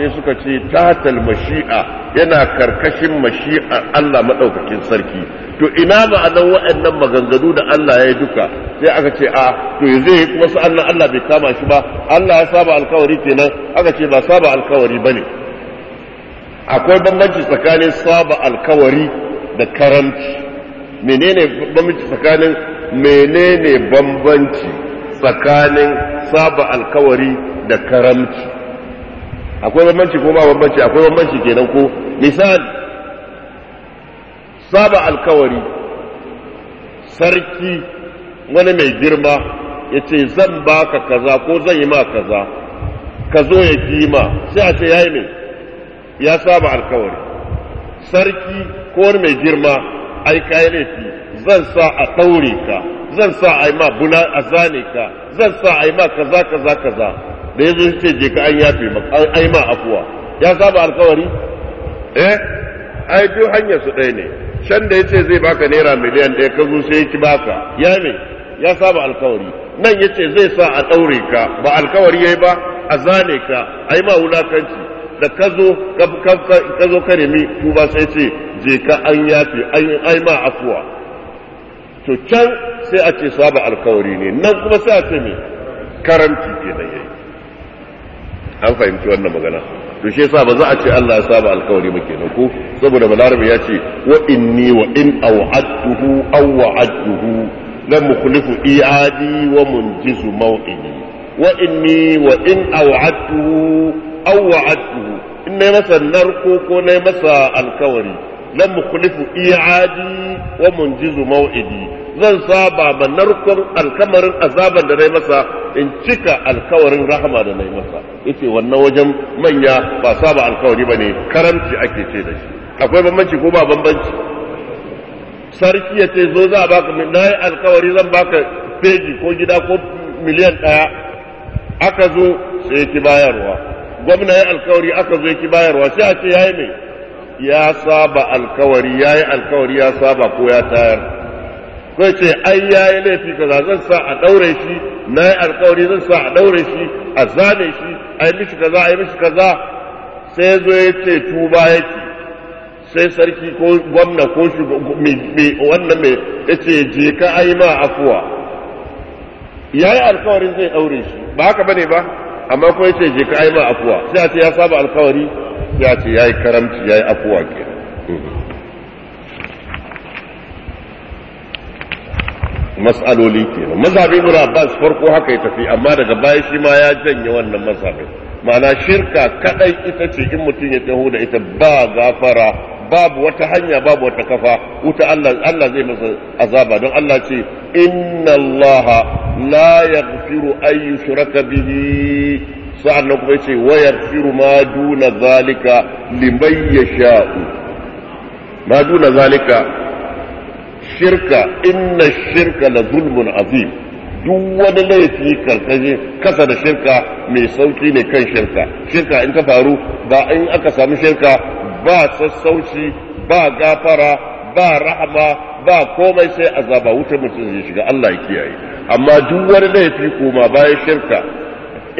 sai suka ce tatal mashi'a yana karkashin mashi'a Allah madaukakin sarki to ina ma'anar waɗannan maganganu da Allah ya yi duka sai aka ce a ah, to yanzu yi kuma sa'annan Allah bai kama shi ba Allah ya saba alkawari kenan aka ce ba saba alkawari bane akwai bambanci tsakanin saba alkawari da karanci menene bambanci tsakanin menene bambanci tsakanin saba alkawari da karamci akwai bambanci ko ba bambanci akwai bambanci kenan ko misali saba alkawari sarki wani mai girma ya ce zan baka kaza ko zan yi ma kaza ka zo ya fi ma sai a ce ya yi ya saba alkawari sarki ko wani mai girma ai kayi laifi zan sa a ɗaure ka zan sa a yi ma buna a zane ka zan sa a yi ma kaza kaza kaza da ya zo ce je ka an yafe maka an ai ma afuwa ya saba alkawari eh ai duk hanyar su ɗaya ne shan da yace zai baka naira miliyan ɗaya ka zo sai yake ki baka ya me ya saba alkawari nan ya ce zai sa a ɗaure ka ba alkawari ya yi ba a zane ka ai ma wulakanci da ka zo ka zo ka nemi tuba sai ce je ka an yafe ai ma afuwa to can sai a ce saba alkawari ne nan kuma sai a ce me karanci ke da yayi an fahimci wannan magana to shi yasa ba za a ce Allah ya saba alkawari ba kenan ko saboda balarabi ya ce wa inni wa in aw la mukhlifu i'adi wa munjizu maw'idi wa inni wa in aw in nayi masa narko ko nayi masa alkawari la mukhlifu i'adi wa munjizu maw'idi zan saba ma narkon alkamarin azaban da na yi masa in cika alkawarin rahama da na yi masa yace wannan wajen manya ba saba alkawari ba ne karamci ake ce da shi akwai bambanci ko ba bambanci sarki ya ce zo za a baka na yi alkawari zan baka feji ko gida ko miliyan ɗaya aka zo sai ki bayarwa gwamna ya alkawari aka zo ki bayarwa sai a ce ya yi mai ya saba alkawari ya yi alkawari ya saba ko ya tayar zai ce ai yayi laifi kaza zan sa a daure shi na yi alkawari zan sa a daure shi a zane shi a yi mishi kaza a yi mishi kaza sai zo ya ce tuba yake sai sarki ko gwamna ko shi wannan mai ya ce je ka ai ma afuwa ya yi alkawarin zai daure shi ba haka bane ba amma ko ya ce je ka ai ma afuwa sai a ce ya saba alkawari sai a ce ya yi karamci ya yi afuwa kenan mm-hmm. mas'aloli nan mazhabi ibn abbas farko haka ya tafi amma daga baya shi ma ya janye wannan mazhabi ma'ana shirka kadai ita ce in mutum ya taho da ita ba gafara babu wata hanya babu wata kafa wuta Allah Allah zai masa azaba don Allah ce inna Allah la yaghfiru an yushraka bihi sa'annan kuma yace wa yaghfiru ma duna zalika liman yasha ma duna zalika shirka inna shirka la zulmun azim duk wani laifi karkashin kasa da shirka mai sauki ne kan shirka shirka in ka faru ba in aka sami shirka ba sassauci ba gafara ba rahama ba komai sai azaba wuta mutum zai shiga Allah ya kiyaye amma duk wani laifi koma bayan shirka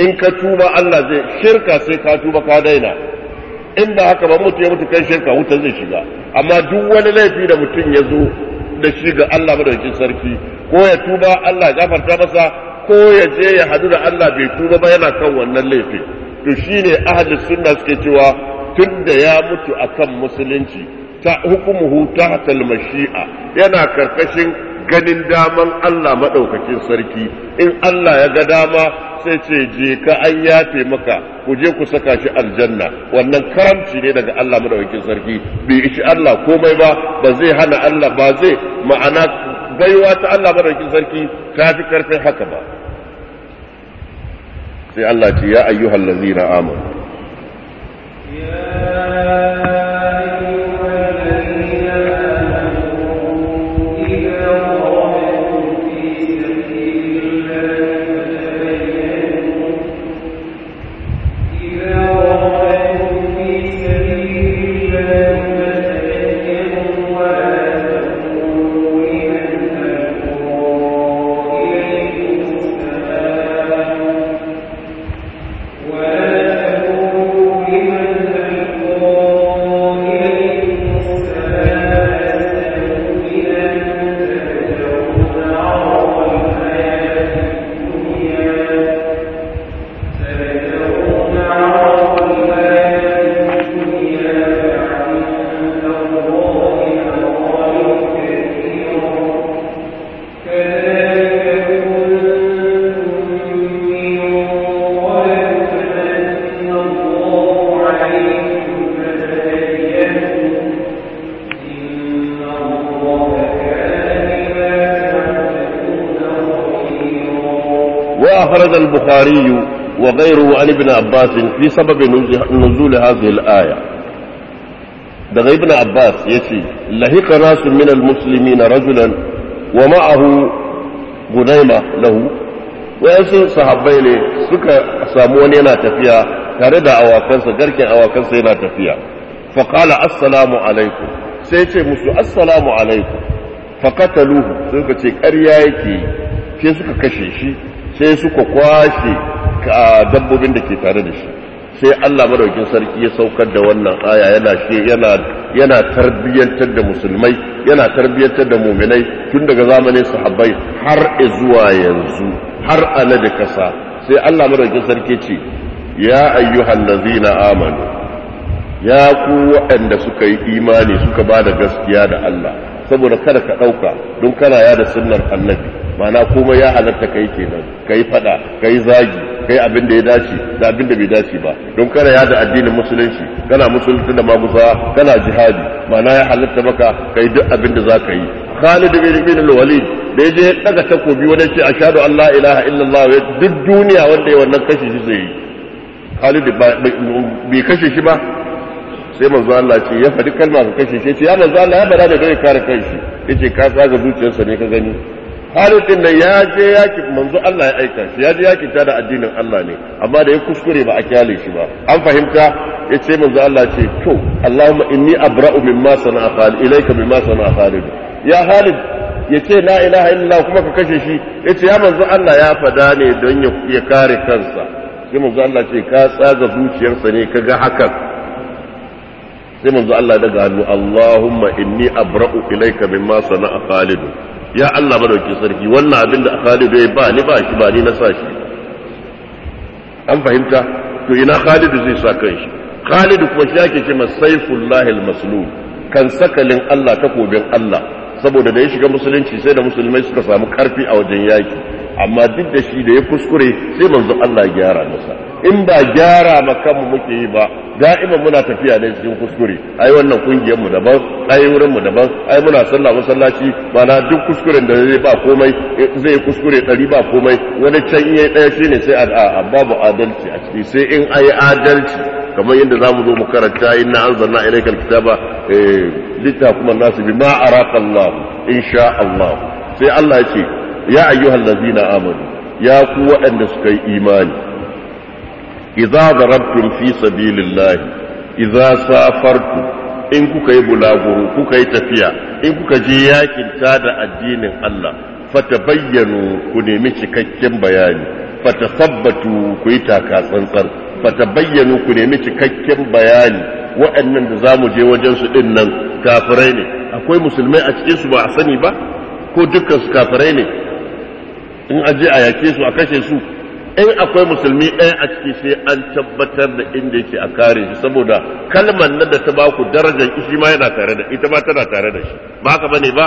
in ka tuba Allah zai shirka sai ka tuba ka daina in ba haka ba mutu ya mutu kan shirka wuta zai shiga amma duk wani laifi da mutum ya zo da shi ga Allah madaukakin sarki ko ya tuba Allah ya gafarta masa ko ya je ya hadu da Allah bai tuba ba yana kan wannan laifi to shine ahli sunna suke cewa tun da ya mutu akan musulunci ta hukumuhu ta mashia yana karkashin ganin daman Allah maɗaukakin sarki in Allah ya ga dama sai ce je ka an yafe maka ku je ku saka shi aljanna wannan karamci ne daga Allah maɗaukakin sarki bai ishi Allah komai ba ba zai hana Allah ba zai ma'ana baiwa ta Allah maɗaukakin sarki ta fi karfin haka ba sai Allah ce ya ayyuhallazina amanu أخرج البخاري وغيره عن ابن عباس نزول هذه الآية daga ibn abbas ya ce lahika na rajulan wa ma'ahu gudaima lahu wayansu sahabbai ne suka samu wani yana tafiya tare da awakansa garken awakansa yana tafiya faƙala assalamu alaikum sai ce musu assalamu yake suka kashe shi sai suka kwashe dabbobin da ke tare da shi sai Allah madaukin sarki ya saukar da wannan aya yana yana yana tarbiyyantar da musulmai yana tarbiyyantar da muminai tun daga zamanin sahabbai har zuwa yanzu har alade kasa sai Allah madaukin sarki ce ya ayyuhan ladzina amanu ya ku waɗanda suka yi imani suka ba da gaskiya da Allah saboda kada ka ɗauka don kana ya da sunnar annabi mana kuma ya halatta kai kenan kai fada kai zagi kai abin da ya dace da abin da bai dace ba don kana ya da addinin musulunci kana musulunci da magusa kana jihadi mana ya halatta maka kai duk abin da zaka yi Khalid bin al-Walid da yaje daga takobi wanda yake ashhadu an la ilaha illallah duk duniya wanda ya wannan kashi shi zai yi Khalid bai kashe shi ba sai manzo Allah ce ya faɗi kalma ka kashe shi ya manzo Allah ya bada da kai kare kai shi yace ka tsaga zuciyarsa ne ka gani halittin da ya je yaki manzo Allah ya aika shi ya je yaki ta da addinin Allah ne amma da ya kuskure ba a kyale shi ba an fahimta ya ce manzo Allah ce to Allahumma inni abra'u mimma sana'a Khalid ilayka bima sana'a Khalid ya Khalid ya ce la ilaha illallah kuma ka kashe shi ya ce ya manzo Allah ya fada ne don ya kare kansa sai manzo Allah ce ka tsaga zuciyarsa ne kaga hakan sai manzo Allah daga hannu Allahumma inni abra'u ilayka bima sana'a Khalid ya Allah ba madauki sarki wannan abin da Khalid ya ba ni ba shi ba ni na sa shi an fahimta to ina Khalid zai sa shi? Khalid kuma shi ake cewa saifullahil almaslul kan sakalin Allah takobin Allah saboda da ya shiga musulunci sai da musulmai suka samu karfi a wajen yaki amma duk da shi da ya kuskure sai manzo Allah ya gyara masa in ba gyara ma kanmu muke yi ba da'ima muna tafiya ne cikin kuskure ai wannan kungiyar mu daban ai wurin daban ai muna sallah masallaci maana duk kuskuren da zai ba komai eh, zai kuskure dari ba komai wani can ɗaya daya ne sai a babu adalci a ciki sai in ayi adalci kamar yadda za mu zo mu karanta inna anzalna ilaykal kitaba kuma eh, nasu bi ma araka Allah insha Allah sai Allah ya ce ya ladina amanu ya ku waɗanda suka yi imani idza darabtum fi sabilillahi idza safartum in kuka yi bulaguro kuka yi tafiya in kuka je yakin da addinin Allah fatabayyanu ku nemi cikakken bayani sabbatu ku yi taka tsantsan fatabayyanu ku nemi cikakken bayani wa'annan da za mu je wajen su ɗin nan kafirai ne akwai musulmai a cikin su ba a sani ba ko dukkan su ne in aje a yake su a kashe su in akwai musulmi ɗaya a ciki sai an tabbatar da inda yake a kare shi saboda kalmar nan da ta ba ku darajar shi ma yana tare da ita ma tana tare da shi ba haka bane ba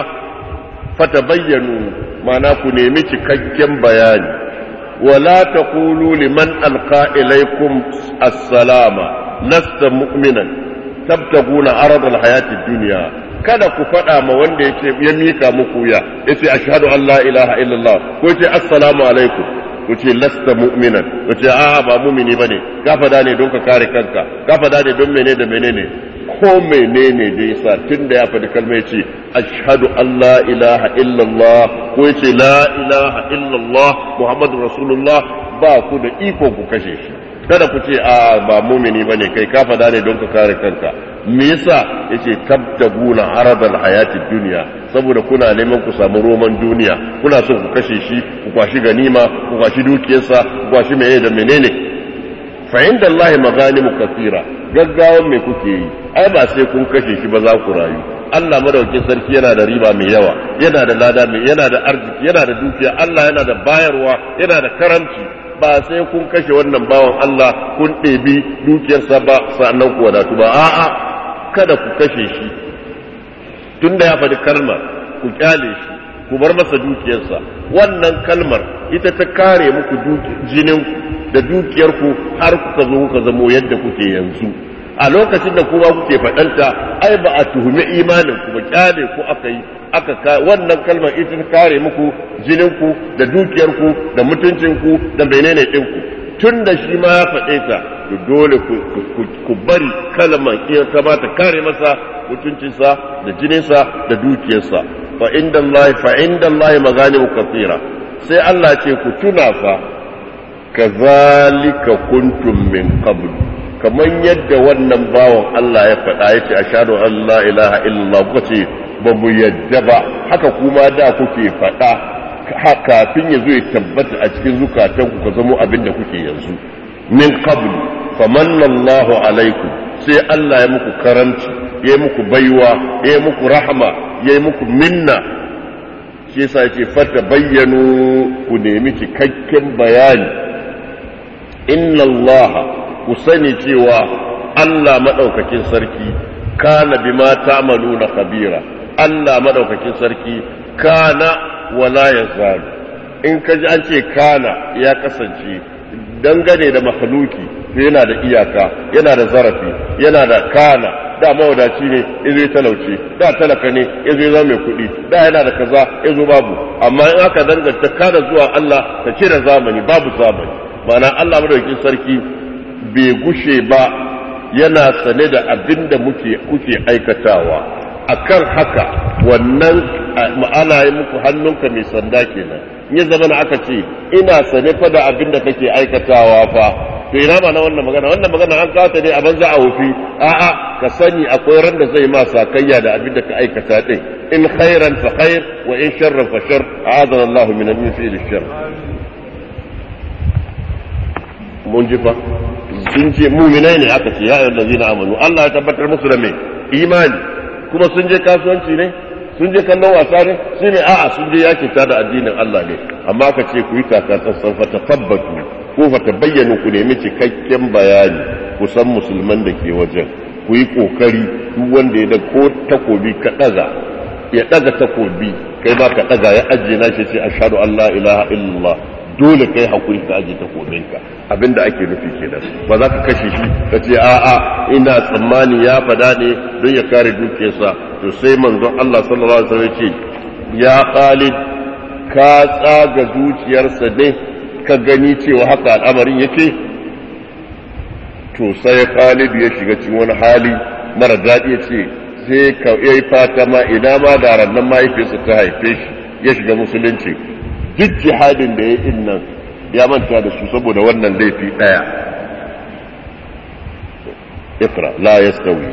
fata bayyanu mana ku nemi cikakken bayani wala kulu liman alqa ilaikum assalama lasta mu'minan tabtaguna arad alhayati dunya kada ku faɗa ma wanda yake ya mika muku ya yace ashhadu an la ilaha illallah ko yace assalamu alaikum ku lasta mu'minan ku ce a'a ba mu'mini bane gafa da ne don ka kare kanka gafa da ne don menene da menene ko menene da yasa tunda ya faɗi kalmar yace ashhadu an la ilaha illallah ko yace la ilaha illallah muhammadur rasulullah ba ku da iko ku kashe shi kada ku ce a ah, ba mumini bane kai ka fada ne don ka kare kanka me yasa yace tabtaguna aradal hayati duniya saboda kuna neman ku samu roman duniya kuna so ku kashe shi ku kwashi ganima ku kwashi dukiyarsa ku kwashi meye da menene fa inda Allah maghanimu kathira gaggawan me kuke yi ai ba sai kun kashe shi ba za ku rayu Allah madaukin sarki yana da riba mai yawa yana da lada mai yana da arziki yana da dukiya Allah yana da bayarwa yana da karamci ba sai kun kashe wannan bawan Allah kun ɗebi dukiyarsa ba sannan ku wadatu ba a'a kada ku kashe shi tunda ya faɗi kalmar ku kyale shi ku bar masa dukiyarsa wannan kalmar ita ta kare muku jinin da dukiyarku har kuka zo kuka zamo yadda kuke yanzu a lokacin da kuma kuke faɗanta ai ba a tuhumi imanin ku ba kyale ku aka yi aka wannan kalmar ita ta kare muku jininku da dukiyarku da mutuncinku da menene ɗinku tun da shi ma ya faɗe ta to dole ku bari kalmar iya ta kare masa mutuncinsa da jininsa da dukiyarsa fa inda Allah fa inda Allah kafira sai Allah ce ku tuna fa kazalika kuntum min qablu kamar yadda wannan bawan Allah ya faɗa ya ce a shaɗo Allah ilaha illallah kuka ce ba mu yadda ba haka kuma da kuke faɗa kafin ya zo ya tabbata a cikin zukatan ku ka zamo abin da kuke yanzu min qablu famanna Allahu alaikum sai Allah ya muku karanci ya muku baiwa ya muku rahama ya muku minna shi yasa ce fata bayyanu ku nemi cikakken bayani inna Allah ku sani cewa Allah maɗaukakin sarki kana bi mata manuna kabira Allah maɗaukakin sarki kana wala zalu in ka ji an ce kana ya kasance dangane da makhluki to yana da iyaka yana da zarafi yana da kana da mawadaci ne ya talauce da talaka ne ya zama mai kuɗi da yana da kaza ya babu amma in aka danganta kada zuwa Allah ta da zamani babu zamani ma'ana Allah madaukakin sarki bai gushe ba yana sane da abin da kuke aikatawa akan haka wannan ma'ana yi muku hannunka mai sanda kenan in ya zama aka ce ina sane fa da abin da kake aikatawa fa to ina ma na wannan magana wannan magana an kawo ne a banza a wufi a'a ka sani akwai ran da zai ma sakayya da abin da ka aikata din in khairan fa khair wa in sharran fa shar a'adana Allah min al shar mun ji fa sun ce muminai ne aka ce ya ayyuhal ladzina amanu Allah ya tabbatar musu da mai imani kuma sun je kasuwanci ne sun je kallon wasa ne su ne a'a sun je yakin ta da addinin Allah ne amma aka ce ku yi kaka tsantsan fa tabbatu ko fa tabayyanu ku nemi cikakken bayani ku san musulman da ke wajen ku yi kokari duk wanda ya da ko takobi ka daga ya daga takobi kai ba ka daga ya ajiye na shi ce ashhadu an la ilaha illallah dole kai hakuri ka aje ka, abinda ake nufi kenan ba za ka kashe shi ka ce a'a ina tsammani ya fada ne don ya kare dukiyarsa to sai manzon Allah sallallahu alaihi wasallam ce ya Khalid ka tsaga zuciyarsa ne ka gani cewa haka al'amarin yake to sai Khalid ya shiga cikin wani hali mara daɗi ya ce sai ka yi fata ma ina ma da rannan mahaifiyarsa ta haife shi ya shiga musulunci duk jihadin da ya in nan ya manta da su saboda wannan laifi ɗaya ikra la yastawi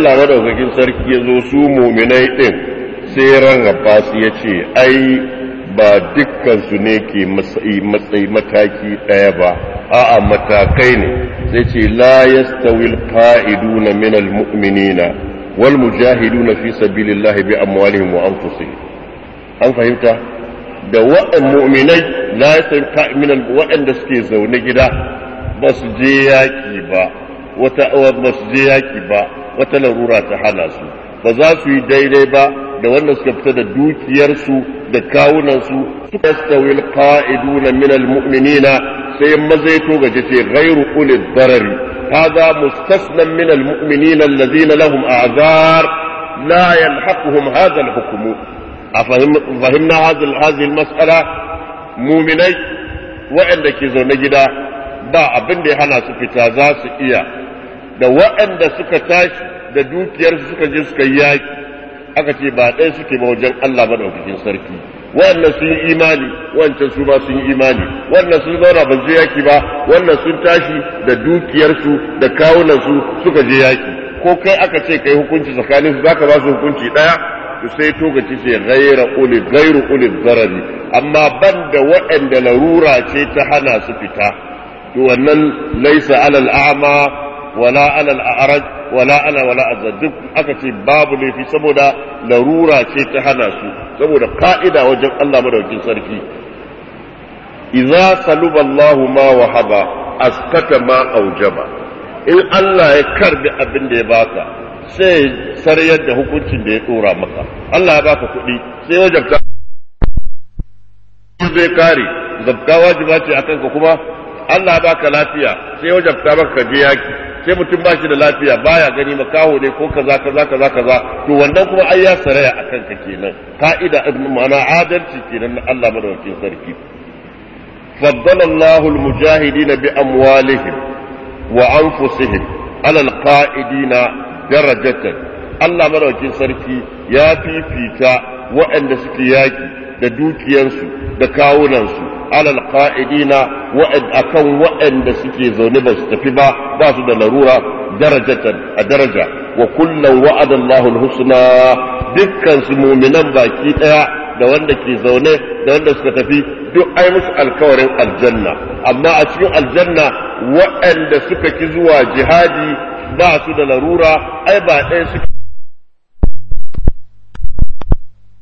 Allah madaukakin sarki ya zo su muminai ɗin sai ran Abbas ya ce ai ba dukkansu ne ke matsayi mataki ɗaya ba a'a matakai ne sai ce la yastawil na minal mu'minina wal mujahiduna fi sabilillahi bi amwalihim wa anfusihim an fahimta da wa'an mu'minai la yastawil qa'iduna waɗanda suke zaune gida ba su je yaki ba wata ba su je yaki ba wata larura ta hana su ba za su yi daidai ba da wanda suka fita da dukiyarsu da kawunansu suka stawil na min almu'minina sai mazaito gaje ce ghairu ulil darari hadha mustasnan min almu'minina alladhina lahum a'zar la yalhaquhum hadha alhukm afahimna hadhihi hadhihi almas'ala mu'minai wa'anda ke zaune gida ba abin da ya hana su fita za su iya da waɗanda suka tashi da dukiyarsu suka je suka yi yaƙi aka ce ba ɗaya suke ba wajen Allah ba ɗaukakin sarki wannan sun yi imani wancan su ba sun yi imani wannan sun zauna ba je yaƙi ba wannan sun tashi da dukiyarsu da kawunansu suka je yaƙi ko kai aka ce kai hukunci tsakanin su zaka ba su hukunci ɗaya to sai to ga ce gaira uli gairu uli zarari amma ban da waɗanda larura ce ta hana su fita to wannan laisa alal a'ma wala alal a'raj wala ala wala azza duk aka ce babu laifi saboda larura ce ta hana su saboda ka'ida wajen Allah madaukin sarki idza saluba Allahu ma wahaba askata ma aujaba in Allah ya karbi abin da ya baka sai sarayar da hukuncin da ya dora maka Allah ya baka kuɗi sai wajen ka zai kare zabta wajiba ce akan ka kuma Allah ya baka lafiya sai wajen ka maka je yaki sai mutum ba shi da lafiya baya gani makaho ne ko kaza kaza kaza kaza to wannan kuma ai ya saraya a kanka kenan ka'ida ma'ana adalci kenan na Allah madaukakin sarki faddala Allahu al-mujahidina bi amwalihim wa anfusihim ala al-qa'idina darajatan Allah madaukakin sarki ya fifita waɗanda suke yaki da dukiyansu da kawunansu alal qa'idina akan waɗanda suke zaune ba su tafi ba ba su da larura darajatan a daraja wa kullum wa'ada Allahul husna dukkan su muminan baki daya da wanda ke zaune da wanda suka tafi duk ai musu alkawarin aljanna amma a cikin aljanna waɗanda suka ki zuwa jihadi ba su da larura ai ba ɗaya suke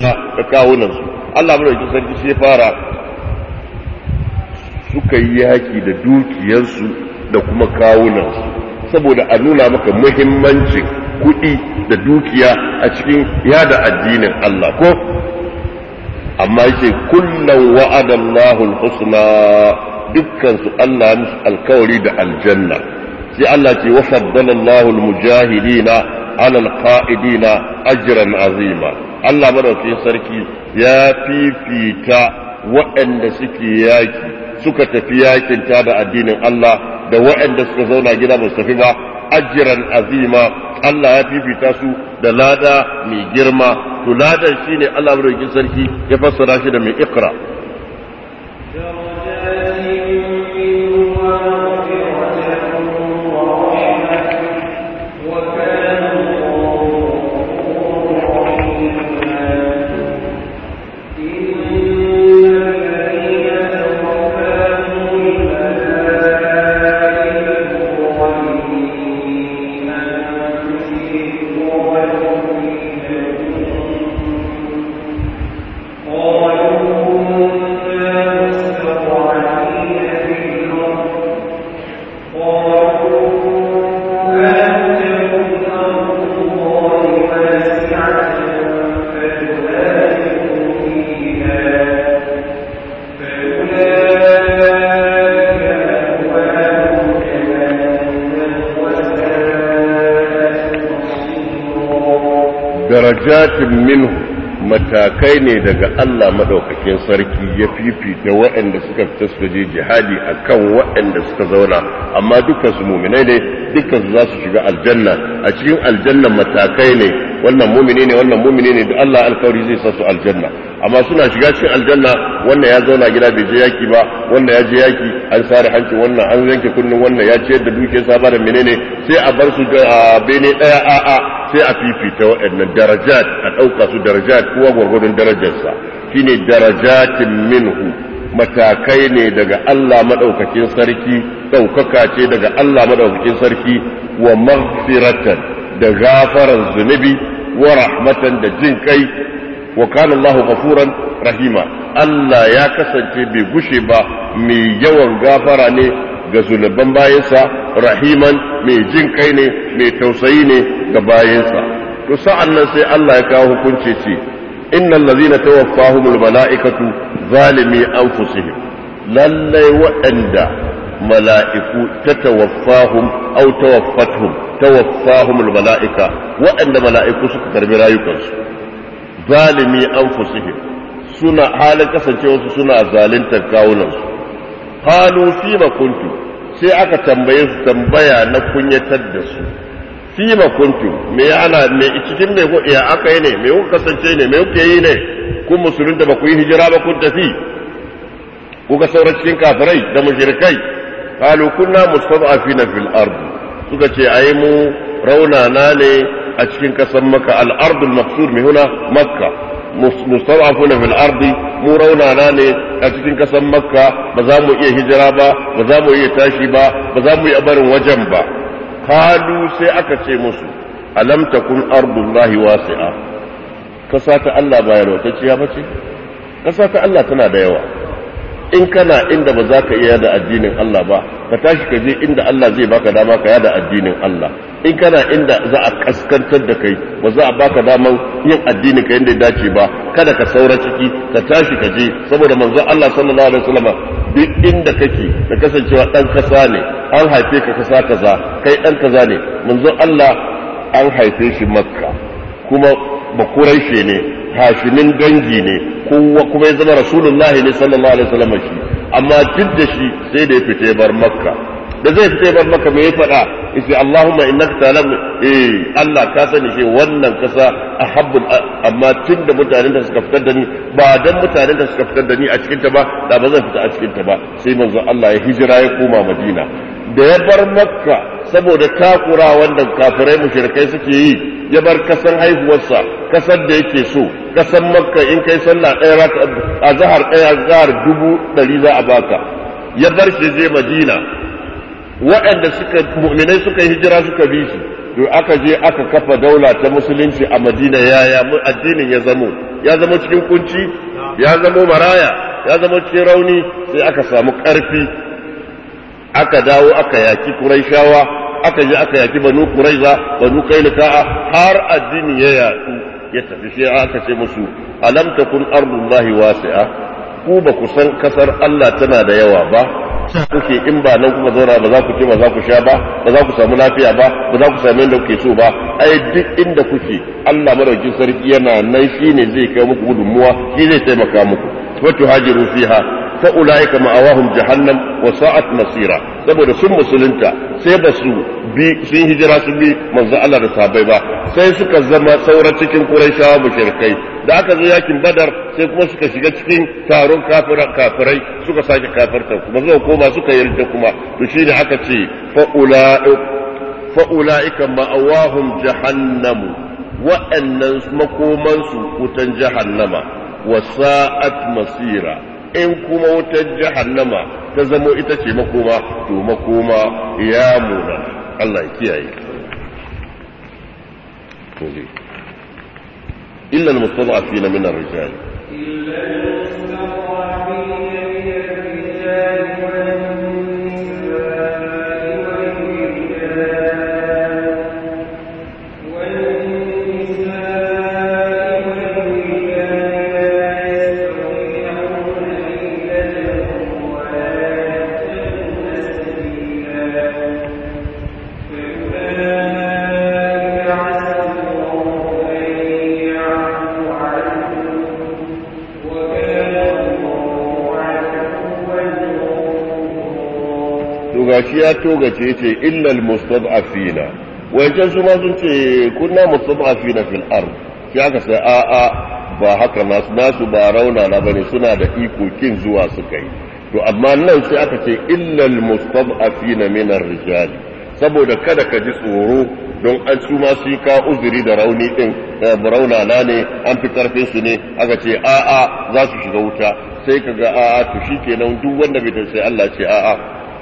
da kawunansu Allah mu dauki sarki sai fara suka yi yaki da dukiyarsu da kuma kawunansu saboda a nuna maka muhimmancin kuɗi da dukiya a cikin yada addinin Allah ko amma yake kullum wa'ada Allah husna dukkan su Allah musu alkawari da aljanna sai Allah ce wa faddala Allahul mujahidina ala alqa'idina ajran azima Allah madaukakin sarki ya fifita waɗanda suke yaki suka tafi yakin da addinin Allah da waɗanda suka zauna gida ba su tafi ba ajiran azima Allah ya fifita su da lada mai girma to ladan shine Allah madaukakin sarki ya fassara shi da mai ikra darajatin minhu matakai ne daga Allah madaukakin sarki ya fifita waɗanda suka fita suka je jihadi akan waɗanda suka zauna amma dukkan su muminai ne dukkan su za su shiga aljanna a cikin aljanna matakai ne wannan mumini ne wannan mumini ne da Allah alkawari zai sa su aljanna amma suna shiga cikin aljanna wannan ya zauna gida bai je yaki ba wannan ya je yaki an sare hanci wannan an yanke kunnen wannan ya ciyar da dukiyar sa menene sai a bar su bene daya a'a sai a fifita waɗannan darajat a ɗauka su darajat kuwa gwargwadon darajarsa shine darajatin minhu matakai ne daga Allah maɗaukakin sarki ɗaukaka ce daga Allah maɗaukakin sarki wa maghfiratan da gafaran zunubi wa rahmatan da jin kai wa kana Allahu ghafuran rahima Allah ya kasance bai gushe ba mai yawan gafara ne ga zunuban bayansa rahiman mai jin kai ne mai tausayi ne ga bayansa to sa'an nan sai Allah ya kawo hukunci ce innal ladzina tawaffahumul mala'ikatu zalimi anfusihim lallai waɗanda mala'iku au aw tawaffatuhum tawaffahumul mala'ika waɗanda mala'iku suka karbi rayukansu zalimi anfusihim suna halin kasancewarsu suna zaluntar kawunansu qalu fi kuntu sai aka tambaye su tambaya na kunyatar da su fima kuntu me ana me cikin me ko ya aka yi ne me kuka kasance ne me kuke yi ne kun musulun da ba ku yi hijira ba kun tafi ku ka saura cikin kafirai da mushrikai qalu kunna mustad'afina fil ard suka ce ai mu raunana ne a cikin kasar maka al ard al maqsur mi huna makka mustad'afuna fil ard mu raunana ne a cikin kasar makka ba za mu iya hijira ba ba za mu iya tashi ba ba za mu iya barin wajen ba kalu sai aka ce musu alam takun ardullahi wasi'a kasa ta Allah ba yalwatacciya bace kasa ta Allah tana da yawa in kana inda ba za ka iya da addinin Allah ba ka tashi ka je inda Allah zai baka dama ka yada addinin Allah in kana inda za a kaskantar da kai ba za a baka daman yin addinin ka yadda ya dace ba kada ka saura ciki ka tashi ka je saboda manzon Allah sallallahu alaihi wasallam duk inda kake da kasancewa dan kasa ne an haife ka kasa kaza kai ɗan kaza ne manzon Allah an haife shi makka kuma bakuraishe ne hashimin dangi ne kowa kuma ya zama rasulullahi ne sallallahu alaihi wasallam shi amma duk da shi sai da ya fita bar makka da zai sai bar maka me ya faɗa yace Allahumma innaka ta'lamu eh Allah ka sani shi wannan kasa ahabbul amma tun da mutanen da suka fitar da ni ba dan mutanen da suka fitar da ni a cikin ta ba da ba zan fita a cikin ta ba sai manzon Allah ya hijira ya koma Madina da ya bar Makka saboda takura wanda kafirai mushrikai suke yi ya bar kasar haihuwarsa kasar da yake so kasar Makka in kai sallah ɗaya a zahar ɗaya zahar dubu ɗari za a baka ya bar shi je Madina waɗanda suka mu'minai suka yi hijira suka bi shi to aka je aka kafa daula ta musulunci a madina yaya addinin ya zamo ya zama cikin kunci ya zamo maraya ya zama cikin rauni sai aka samu ƙarfi aka dawo aka yaki kuraishawa aka je aka yaki banu kuraiza banu kailata'a har addini ya yatsu ya tafi sai aka ce musu alam takun ardullahi wasi'a ku ba ku san kasar Allah tana da yawa ba kuke in ba nan kuka zauna ba za ku ce ba za ku sha ba ba za ku samu lafiya ba ba za ku samu yadda kuke so ba ai duk inda kuke Allah madaukin sarki yana nan shine zai kai muku gudunmuwa shi zai taimaka muku wato hajiru fiha fa ulaika ma'awahum jahannam wa sa'at masira saboda sun musulunta sai ba su bi sun hijira su bi manzo Allah da sahabbai ba sai suka zama saura cikin Qurayshawa mushrikai da aka zo yakin Badar sai kuma suka shiga cikin taron kafira kafirai suka sake kafirta kuma ko koma suka yarda kuma to shine aka ce fa fa ulaika ma'awahum jahannamu wa'annan makomansu wutan jahannama wa sa'at masira in kuma wutar jahannama ta zamo ita ce makoma to makoma ya muna Allah ya kiyaye illa al-mustada'afina min ar-rijal
illa al-mustada'afina
gashi ya toga ce illal mustad'afina wajen su ma sun ce kunna mustad'afina fil ard sai aka sai a a ba haka nasu nasu ba rauna na bane suna da iko kin zuwa suka yi to amma nan sai aka ce illal mustad'afina min ar-rijal saboda kada ka ji tsoro don an su ma su ka uzuri da rauni din eh, rauna na ne an fi karfin su ne aka ce a a za su shiga wuta sai kaga a a to shikenan duk wanda bai sai Allah ce a a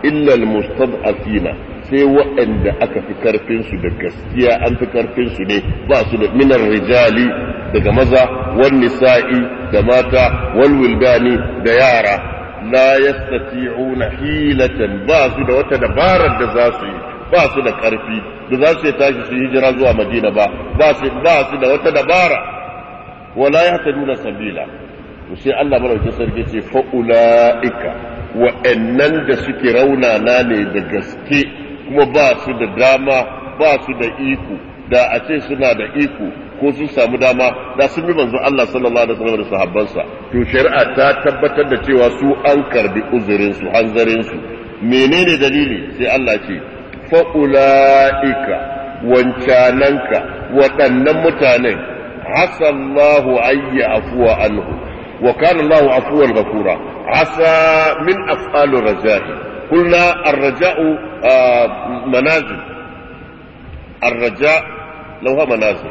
illal mustad'afina sai waɗanda aka fi karfin su da gaskiya an fi karfin su ne ba su da minar rijali daga maza wal nisa'i da mata wal da yara la yastati'una hilatan ba su da wata dabarar da za su yi ba su da karfi da za su tashi su hijira zuwa madina ba ba su ba su da wata dabara wala yahtaduna sabila to sai Allah madaukakin sarki ce fa ulaika wa'annan da suke raunana ne da gaske kuma ba su da dama ba su da iko da a ce suna da iko ko sun samu dama da sun bi manzo Allah sallallahu alaihi wasallam da sahabbansa to shari'a ta tabbatar da cewa su an karbi uzurin su hanzarin su menene dalili sai Allah ce fa ulaika wancananka waɗannan mutanen hasallahu ayya afuwa anhu wa kana Allah afuwan ghafura عسى من أفعال الرجاء قلنا الرجاء آه منازل الرجاء لوها منازل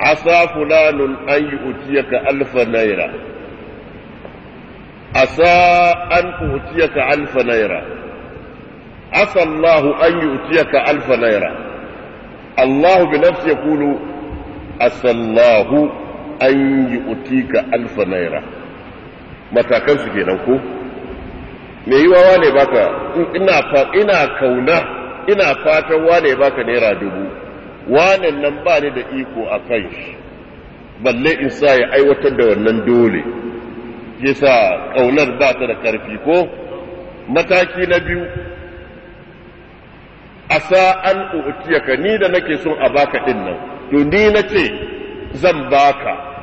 عسى فلان أن يؤتيك ألف نيرة عسى أن أؤتيك ألف نيرة عسى الله أن يؤتيك ألف نيرة الله بنفسه يقول عسى الله أن يؤتيك ألف نيرة matakan su kenan ko me yi wawa ne baka ina fa ina kauna ina fatan wane baka naira dubu wannan nan ba ni da iko a kai balle in sa ya aiwatar da wannan dole yasa kaunar ba ta da karfi ko mataki na biyu asa an u'tiyaka ni da nake son a baka din nan to ni na ce zan baka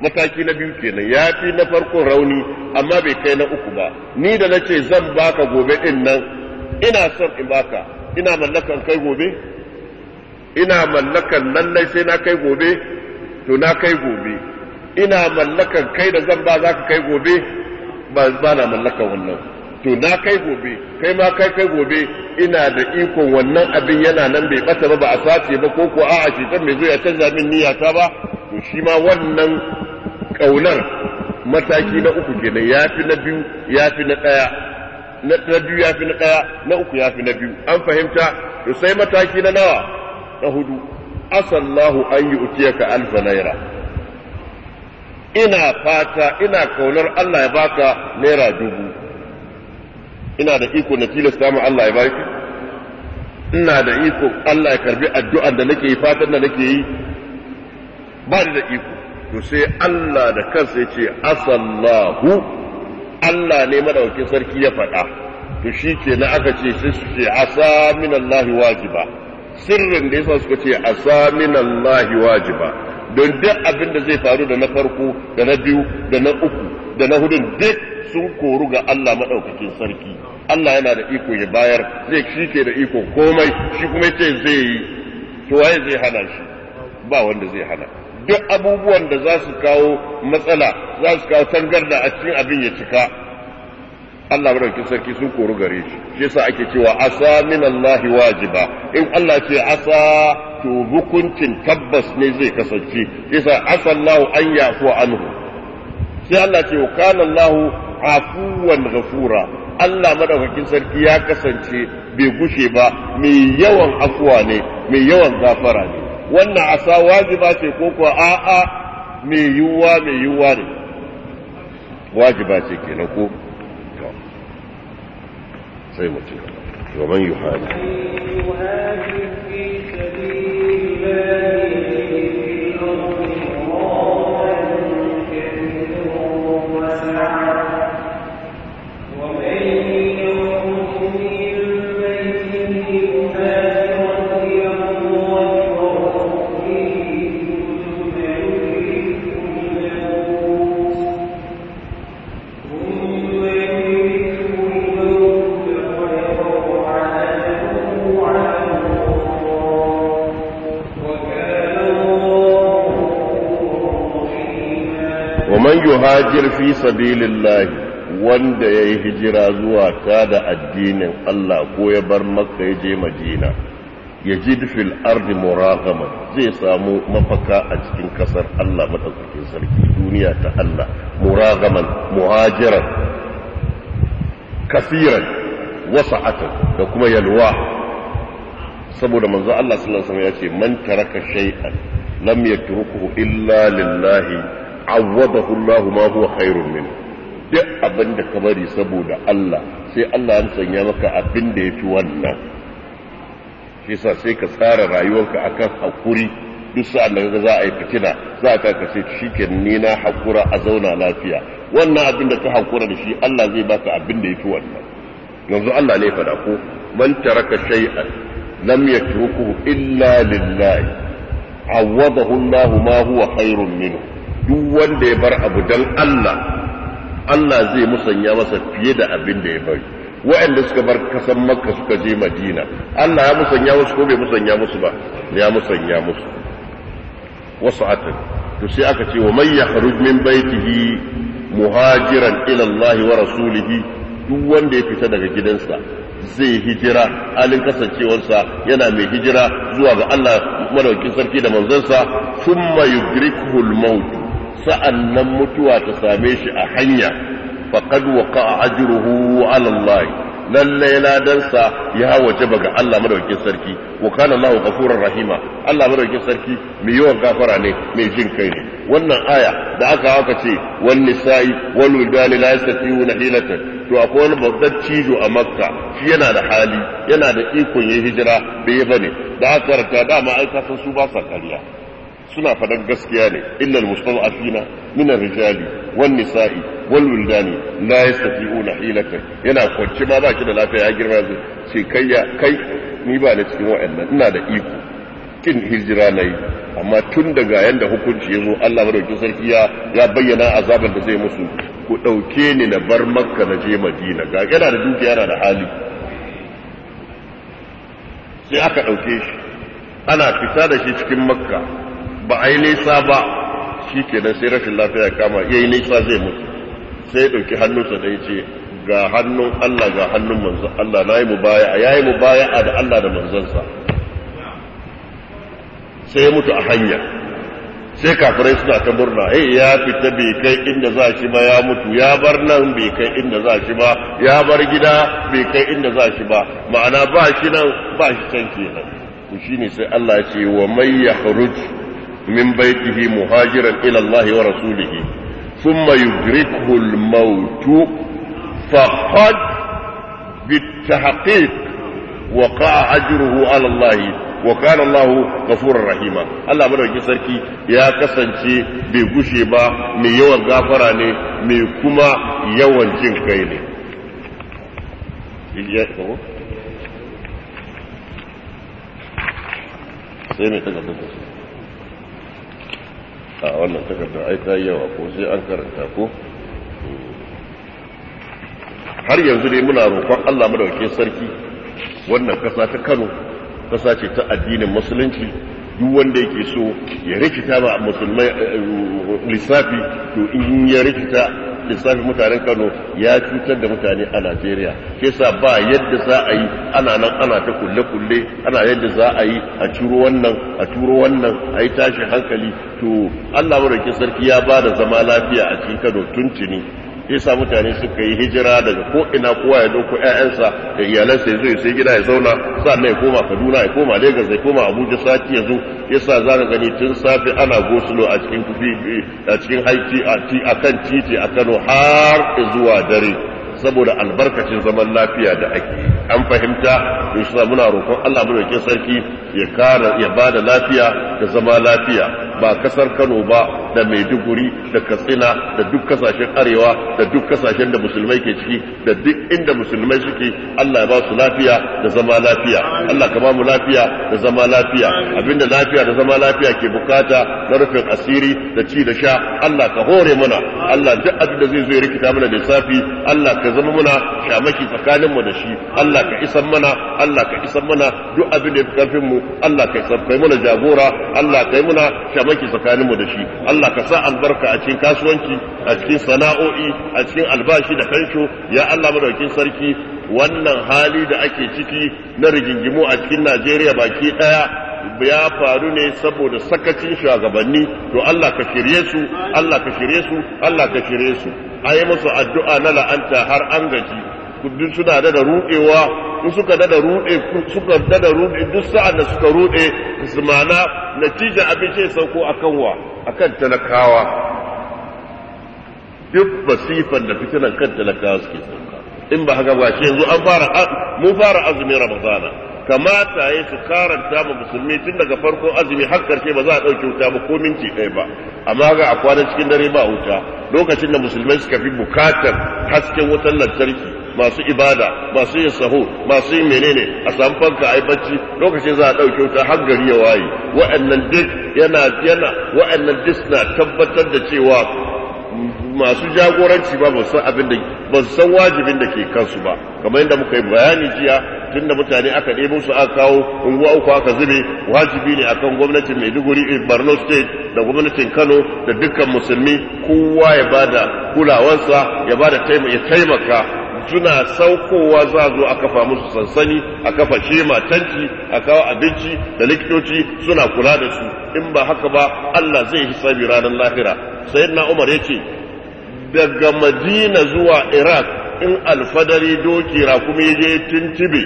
mataki na biyu kenan ya fi na farkon rauni amma bai kai na uku ba ni da na ce zan baka gobe din nan ina son in baka ina mallakan kai gobe ina mallakan lallai sai na kai gobe to na kai gobe ina mallakan kai da zan ba za ka kai gobe ba na mallakan wannan to na kai gobe kai ma kai kai gobe ina da ikon wannan abin yana nan bai bata ba ba a sace ba ko ko a'a shi mai zo ya canza min niyata ba to shi ma wannan ƙaunar mataki na uku kenan ya fi na biyu ya fi na ɗaya na biyu ya fi na ɗaya na uku ya fi na biyu an fahimta to sai mataki na nawa na hudu asallahu an yi utiyaka alfa naira ina fata ina kaunar Allah ya baka naira dubu ina da iko na tilasta mu Allah ya baki ina da iko Allah ya karbi addu'ar da nake yi fatan da nake yi ba da iko to sai Allah da kansa ya ce asallahu Allah ne madaukin sarki ya faɗa to shi ke na aka ce sai su ce asa minallahi wajiba sirrin da yasa suka ce asa minallahi wajiba don duk abin da zai faru da na farko da na biyu da na uku da na hudun duk sun koru ga Allah madaukakin sarki Allah yana da iko ya bayar zai shi ke da iko komai shi kuma ce zai yi to waye zai hana shi ba wanda zai hana duk abubuwan da za su kawo matsala za su kawo da a cikin abin ya cika Allah ki sarki sun koru gare shi shi yasa ake cewa asa min Allah wajiba in Allah ce asa to hukuncin tabbas ne zai kasance yasa asa Allah an yafu anhu sai Allah ce wa kana Allah afuwan ghafura Allah madaukakin sarki ya kasance bai gushe ba mai yawan afuwa ne mai yawan gafara ne wannan asa wajiba ce ko kuwa a'a mai yiwuwa mai yiwuwa ne wajiba ce na ko sai mutum yi
يهاجر
sabilillahi wanda ya yi hijira zuwa ta da addinin Allah ko ya bar makka ya je madina ya ji fil ardi muragaman zai samu mafaka a cikin kasar Allah maɗaukakin sarki duniya ta Allah muragaman muhajiran kasiran wasa'atan da kuma yalwa saboda manzo Allah sallallahu alaihi wasallam ya ce man taraka shay'an lam yatrukuhu illa lillahi عوضه الله ما هو خير منه duk abin da ka bari saboda Allah sai Allah ya sanya maka abin da yafi wannan shi sa sai ka tsara rayuwarka akan hakuri duk Allah da za a yi fitina za ka ka sai shikenan ni na hakura a zauna lafiya wannan abin da ka hakura da shi Allah zai baka abin da yafi wannan yanzu Allah ne faɗa ko man taraka shay'an lam yatrukuhu illa lillahi awadahu Allah ma huwa khairun minhu duk wanda ya bar abu dan Allah Allah zai musanya masa fiye da abin da ya bari wa'anda suka bar kasan makka suka je madina Allah ya musanya musu ko bai musanya musu ba ya musanya musu wasu atin to sai aka ce wa man yakhruj min baitihi muhajiran ila Allah wa rasulih duk wanda ya fita daga gidansa zai hijira halin kasancewarsa yana mai hijira zuwa ga Allah madaukin sarki da manzansa thumma yudrikuhu al-maut sa'an nan mutuwa ta same shi a hanya faqad waqa ajruhu ala Allah lalle dansa ya waje ga Allah madaukin sarki wa kana Allahu ghafurur rahima Allah madaukin sarki mai yawan gafara ne mai jin kai ne wannan aya da aka haka ce wan nisa'i wal wildani la yastati'una hilatan to akwai wani babban cizo a Makka shi yana da hali yana da ikon yayi hijira bai bane da aka rata dama ai su ba sa kariya. suna fadar gaskiya ne illal mustad'afina min ar-rijali wan nisa'i wal wildani la yastati'una hilaka yana kwance ma baki da lafiya ya girma yanzu ce kai ya kai ni ba na cikin wa'annan ina da iko kin hijira nayi amma tun daga yanda hukunci ya zo Allah dauki sarki ya ya bayyana azaban da zai musu ku dauke ni na bar makka na je madina ga yana da dukiya yana da hali sai aka dauke shi ana fita da shi cikin makka ba a yi nisa ba shi ke nan sai rashin lafiya kama ya yi nisa zai mutu sai ya ɗauki hannunsa da ya ce ga hannun Allah ga hannun manzon Allah na yi mubaya ya yi mubaya da Allah da manzonsa sai ya mutu a hanya sai kafirai suna ta murna eh ya fita bai kai inda za shi ba ya mutu ya bar nan bai kai inda za shi ba ya bar gida bai kai inda za shi ba ma'ana ba shi nan ba shi can kenan to shine sai Allah ya ce wa may yakhruj min baitihi muhajiran ila Allah wa rasulihi thumma yudrikuhu al-maut faqad بالتحقيق وقع أجره على الله وكان الله غفورا رحيما الله sarki ya kasance bai gushe ba mai yawan gafara ne mai kuma yawan jin kai a wannan takardar ai ta yawa ko sai an karanta ko har yanzu dai muna roƙon Allah madaukakin sarki wannan kasa ta Kano kasa ce ta addinin musulunci duk wanda yake so ya rikita ba musulmai eh, eh, lissafi to in ya rikita lissafi mutanen Kano ya cutar da mutane a Najeriya ke sa ba yadda za a yi ana nan ana ta kulle kulle ana yadda za a yi a turo wannan a turo wannan a yi tashi hankali to Allah madaukakin sarki ya ba da zama lafiya a cikin Kano tuntuni yasa mutane suka yi hijira daga ko ina kowa ya dauko ƴaƴansa da iyalansa ya zo ya sai gida ya zauna sannan ya koma Kaduna ya koma Lagos ya koma Abuja sati ya zo yasa za ka gani tun safe ana gosulo a cikin kufi a cikin haiti a a kan titi a Kano har zuwa dare saboda albarkacin zaman lafiya da ake an fahimta to sa muna roƙon Allah madaukakin sarki ya kara ya bada lafiya da zama lafiya ba kasar Kano ba da maiduguri da katsina da duk kasashen arewa da duk kasashen da musulmai ke ciki da duk inda musulmai suke Allah ya ba su lafiya da zama lafiya Allah ka ba mu lafiya da zama lafiya abinda lafiya da zama lafiya ke bukata na rufin asiri da ci da sha Allah ka hore mana Allah duk abin da zai zo ya rikita mana da safi Allah ka zama muna shamaki tsakanin mu da shi Allah ka isan mana Allah ka isan mana duk abin da ya fi karfin mu Allah ka isan kai mana jagora Allah kai muna shamaki tsakanin mu da shi Allah Allah ka sa albarka a cikin kasuwanci a cikin sana'o'i a cikin albashi da kanko ya Allah madaukin sarki wannan hali da ake ciki na rigingimu a cikin Najeriya baki daya ya faru ne saboda sakacin shugabanni to Allah ka shirye su Allah ka shirye su Allah ka shirye su a yi musu addu'a na la'anta har an gaji kudin suna da ruɗewa in suka dada rude suka dada rude duk sa'an da suka rude su mana natija abin ce sauko akan wa akan talakawa duk basifan da fitinan kan talakawa suke sauka in ba haka ba shi yanzu an fara mun fara azumin ramadana kamata ya su karanta mu musulmi tun daga farko azumi har karshe ba za a ɗauki wuta ba ko minti ɗaya ba amma ga a kwanan cikin dare ba wuta lokacin da musulmai suka fi bukatar hasken wutar lantarki masu ibada masu yin saho masu yin menene a samu fanka yi bacci lokacin za a ɗauke wuta har gari ya waye wa'annan duk yana yana wa'annan duk na tabbatar da cewa masu jagoranci ba su san wajibin da ke kansu ba kamar yadda muka yi bayani jiya tun da mutane aka ɗebo su aka kawo unguwa uku aka zube wajibi ne akan gwamnatin Maiduguri eh, Borno State da gwamnatin Kano da dukkan musulmi kowa ya bada kulawansa ya bada ya taimaka tuna saukowa za zo a kafa musu sansani a kafa shema tanki a kawo abinci da likitoci suna kula da su in ba haka ba Allah zai hisabi ranar lahira na Umar yace daga Madina zuwa Iraq in alfadari doki rakumi je tintibe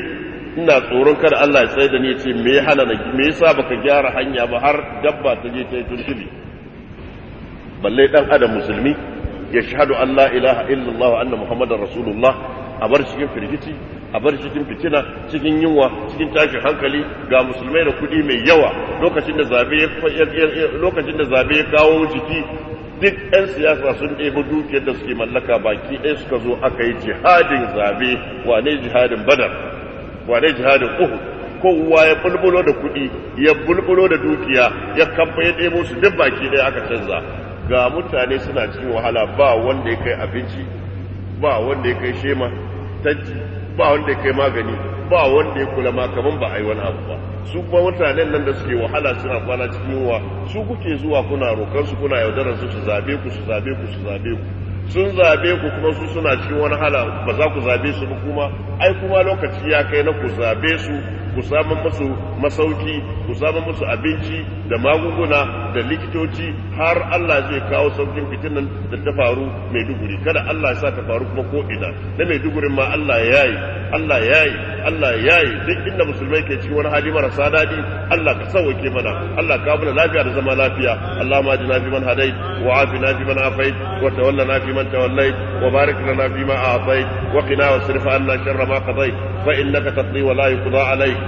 ina tsoron kada Allah ya tsaye da ni ce me hana me yasa baka gyara hanya ba har dabba ta je ta tintibe balle dan adam musulmi يشهد أن لا إله إلا الله وأن محمد رسول a bar cikin firgici a bar cikin fitina cikin yunwa cikin tashin hankali ga musulmai da kuɗi mai yawa lokacin da zabe lokacin da zabe ya kawo jiki duk 'yan siyasa sun ɗebi dukiyar da suke mallaka baki ɗaya suka zo aka yi jihadin zabe wane jihadin badar wane jihadin uhud kowa ya bulbulo da kuɗi ya bulbulo da dukiya ya kamfa ya ɗebo su duk baki ɗaya aka canza ga mutane suna cikin wahala ba wanda ya kai abinci ba wanda ya kai shema ba wanda ya kai magani ba wanda ya kula ma kamar ba a yi wani abu ba su kuma mutanen nan da suke wahala suna kwana cikin yunwa su kuke zuwa kuna roƙar su kuna yaudarar su su zabe ku su zabe ku su zabe ku sun zabe ku kuma su suna cikin wani hala ba za ku zabe su ba kuma ai kuma lokaci ya kai na ku zabe su ku saman musu masauki ku saman musu abinci da magunguna da likitoci har Allah zai kawo saukin fitinan da ta faru mai duguri kada Allah ya sa ta faru kuma ko ina na mai dugurin ma Allah ya yi Allah ya yi Allah ya yi duk inda musulmai ke cikin wani hali marasa daɗi Allah ka sauke mana Allah ka bada lafiya da zama lafiya Allah ma jina fi man hadai, wa na fi man afai wa tawalla na fi man tawallai wa barik lana fi ma afai wa qina sirfa anna sharra ma qadai fa innaka taqdi wa la yuqda alayk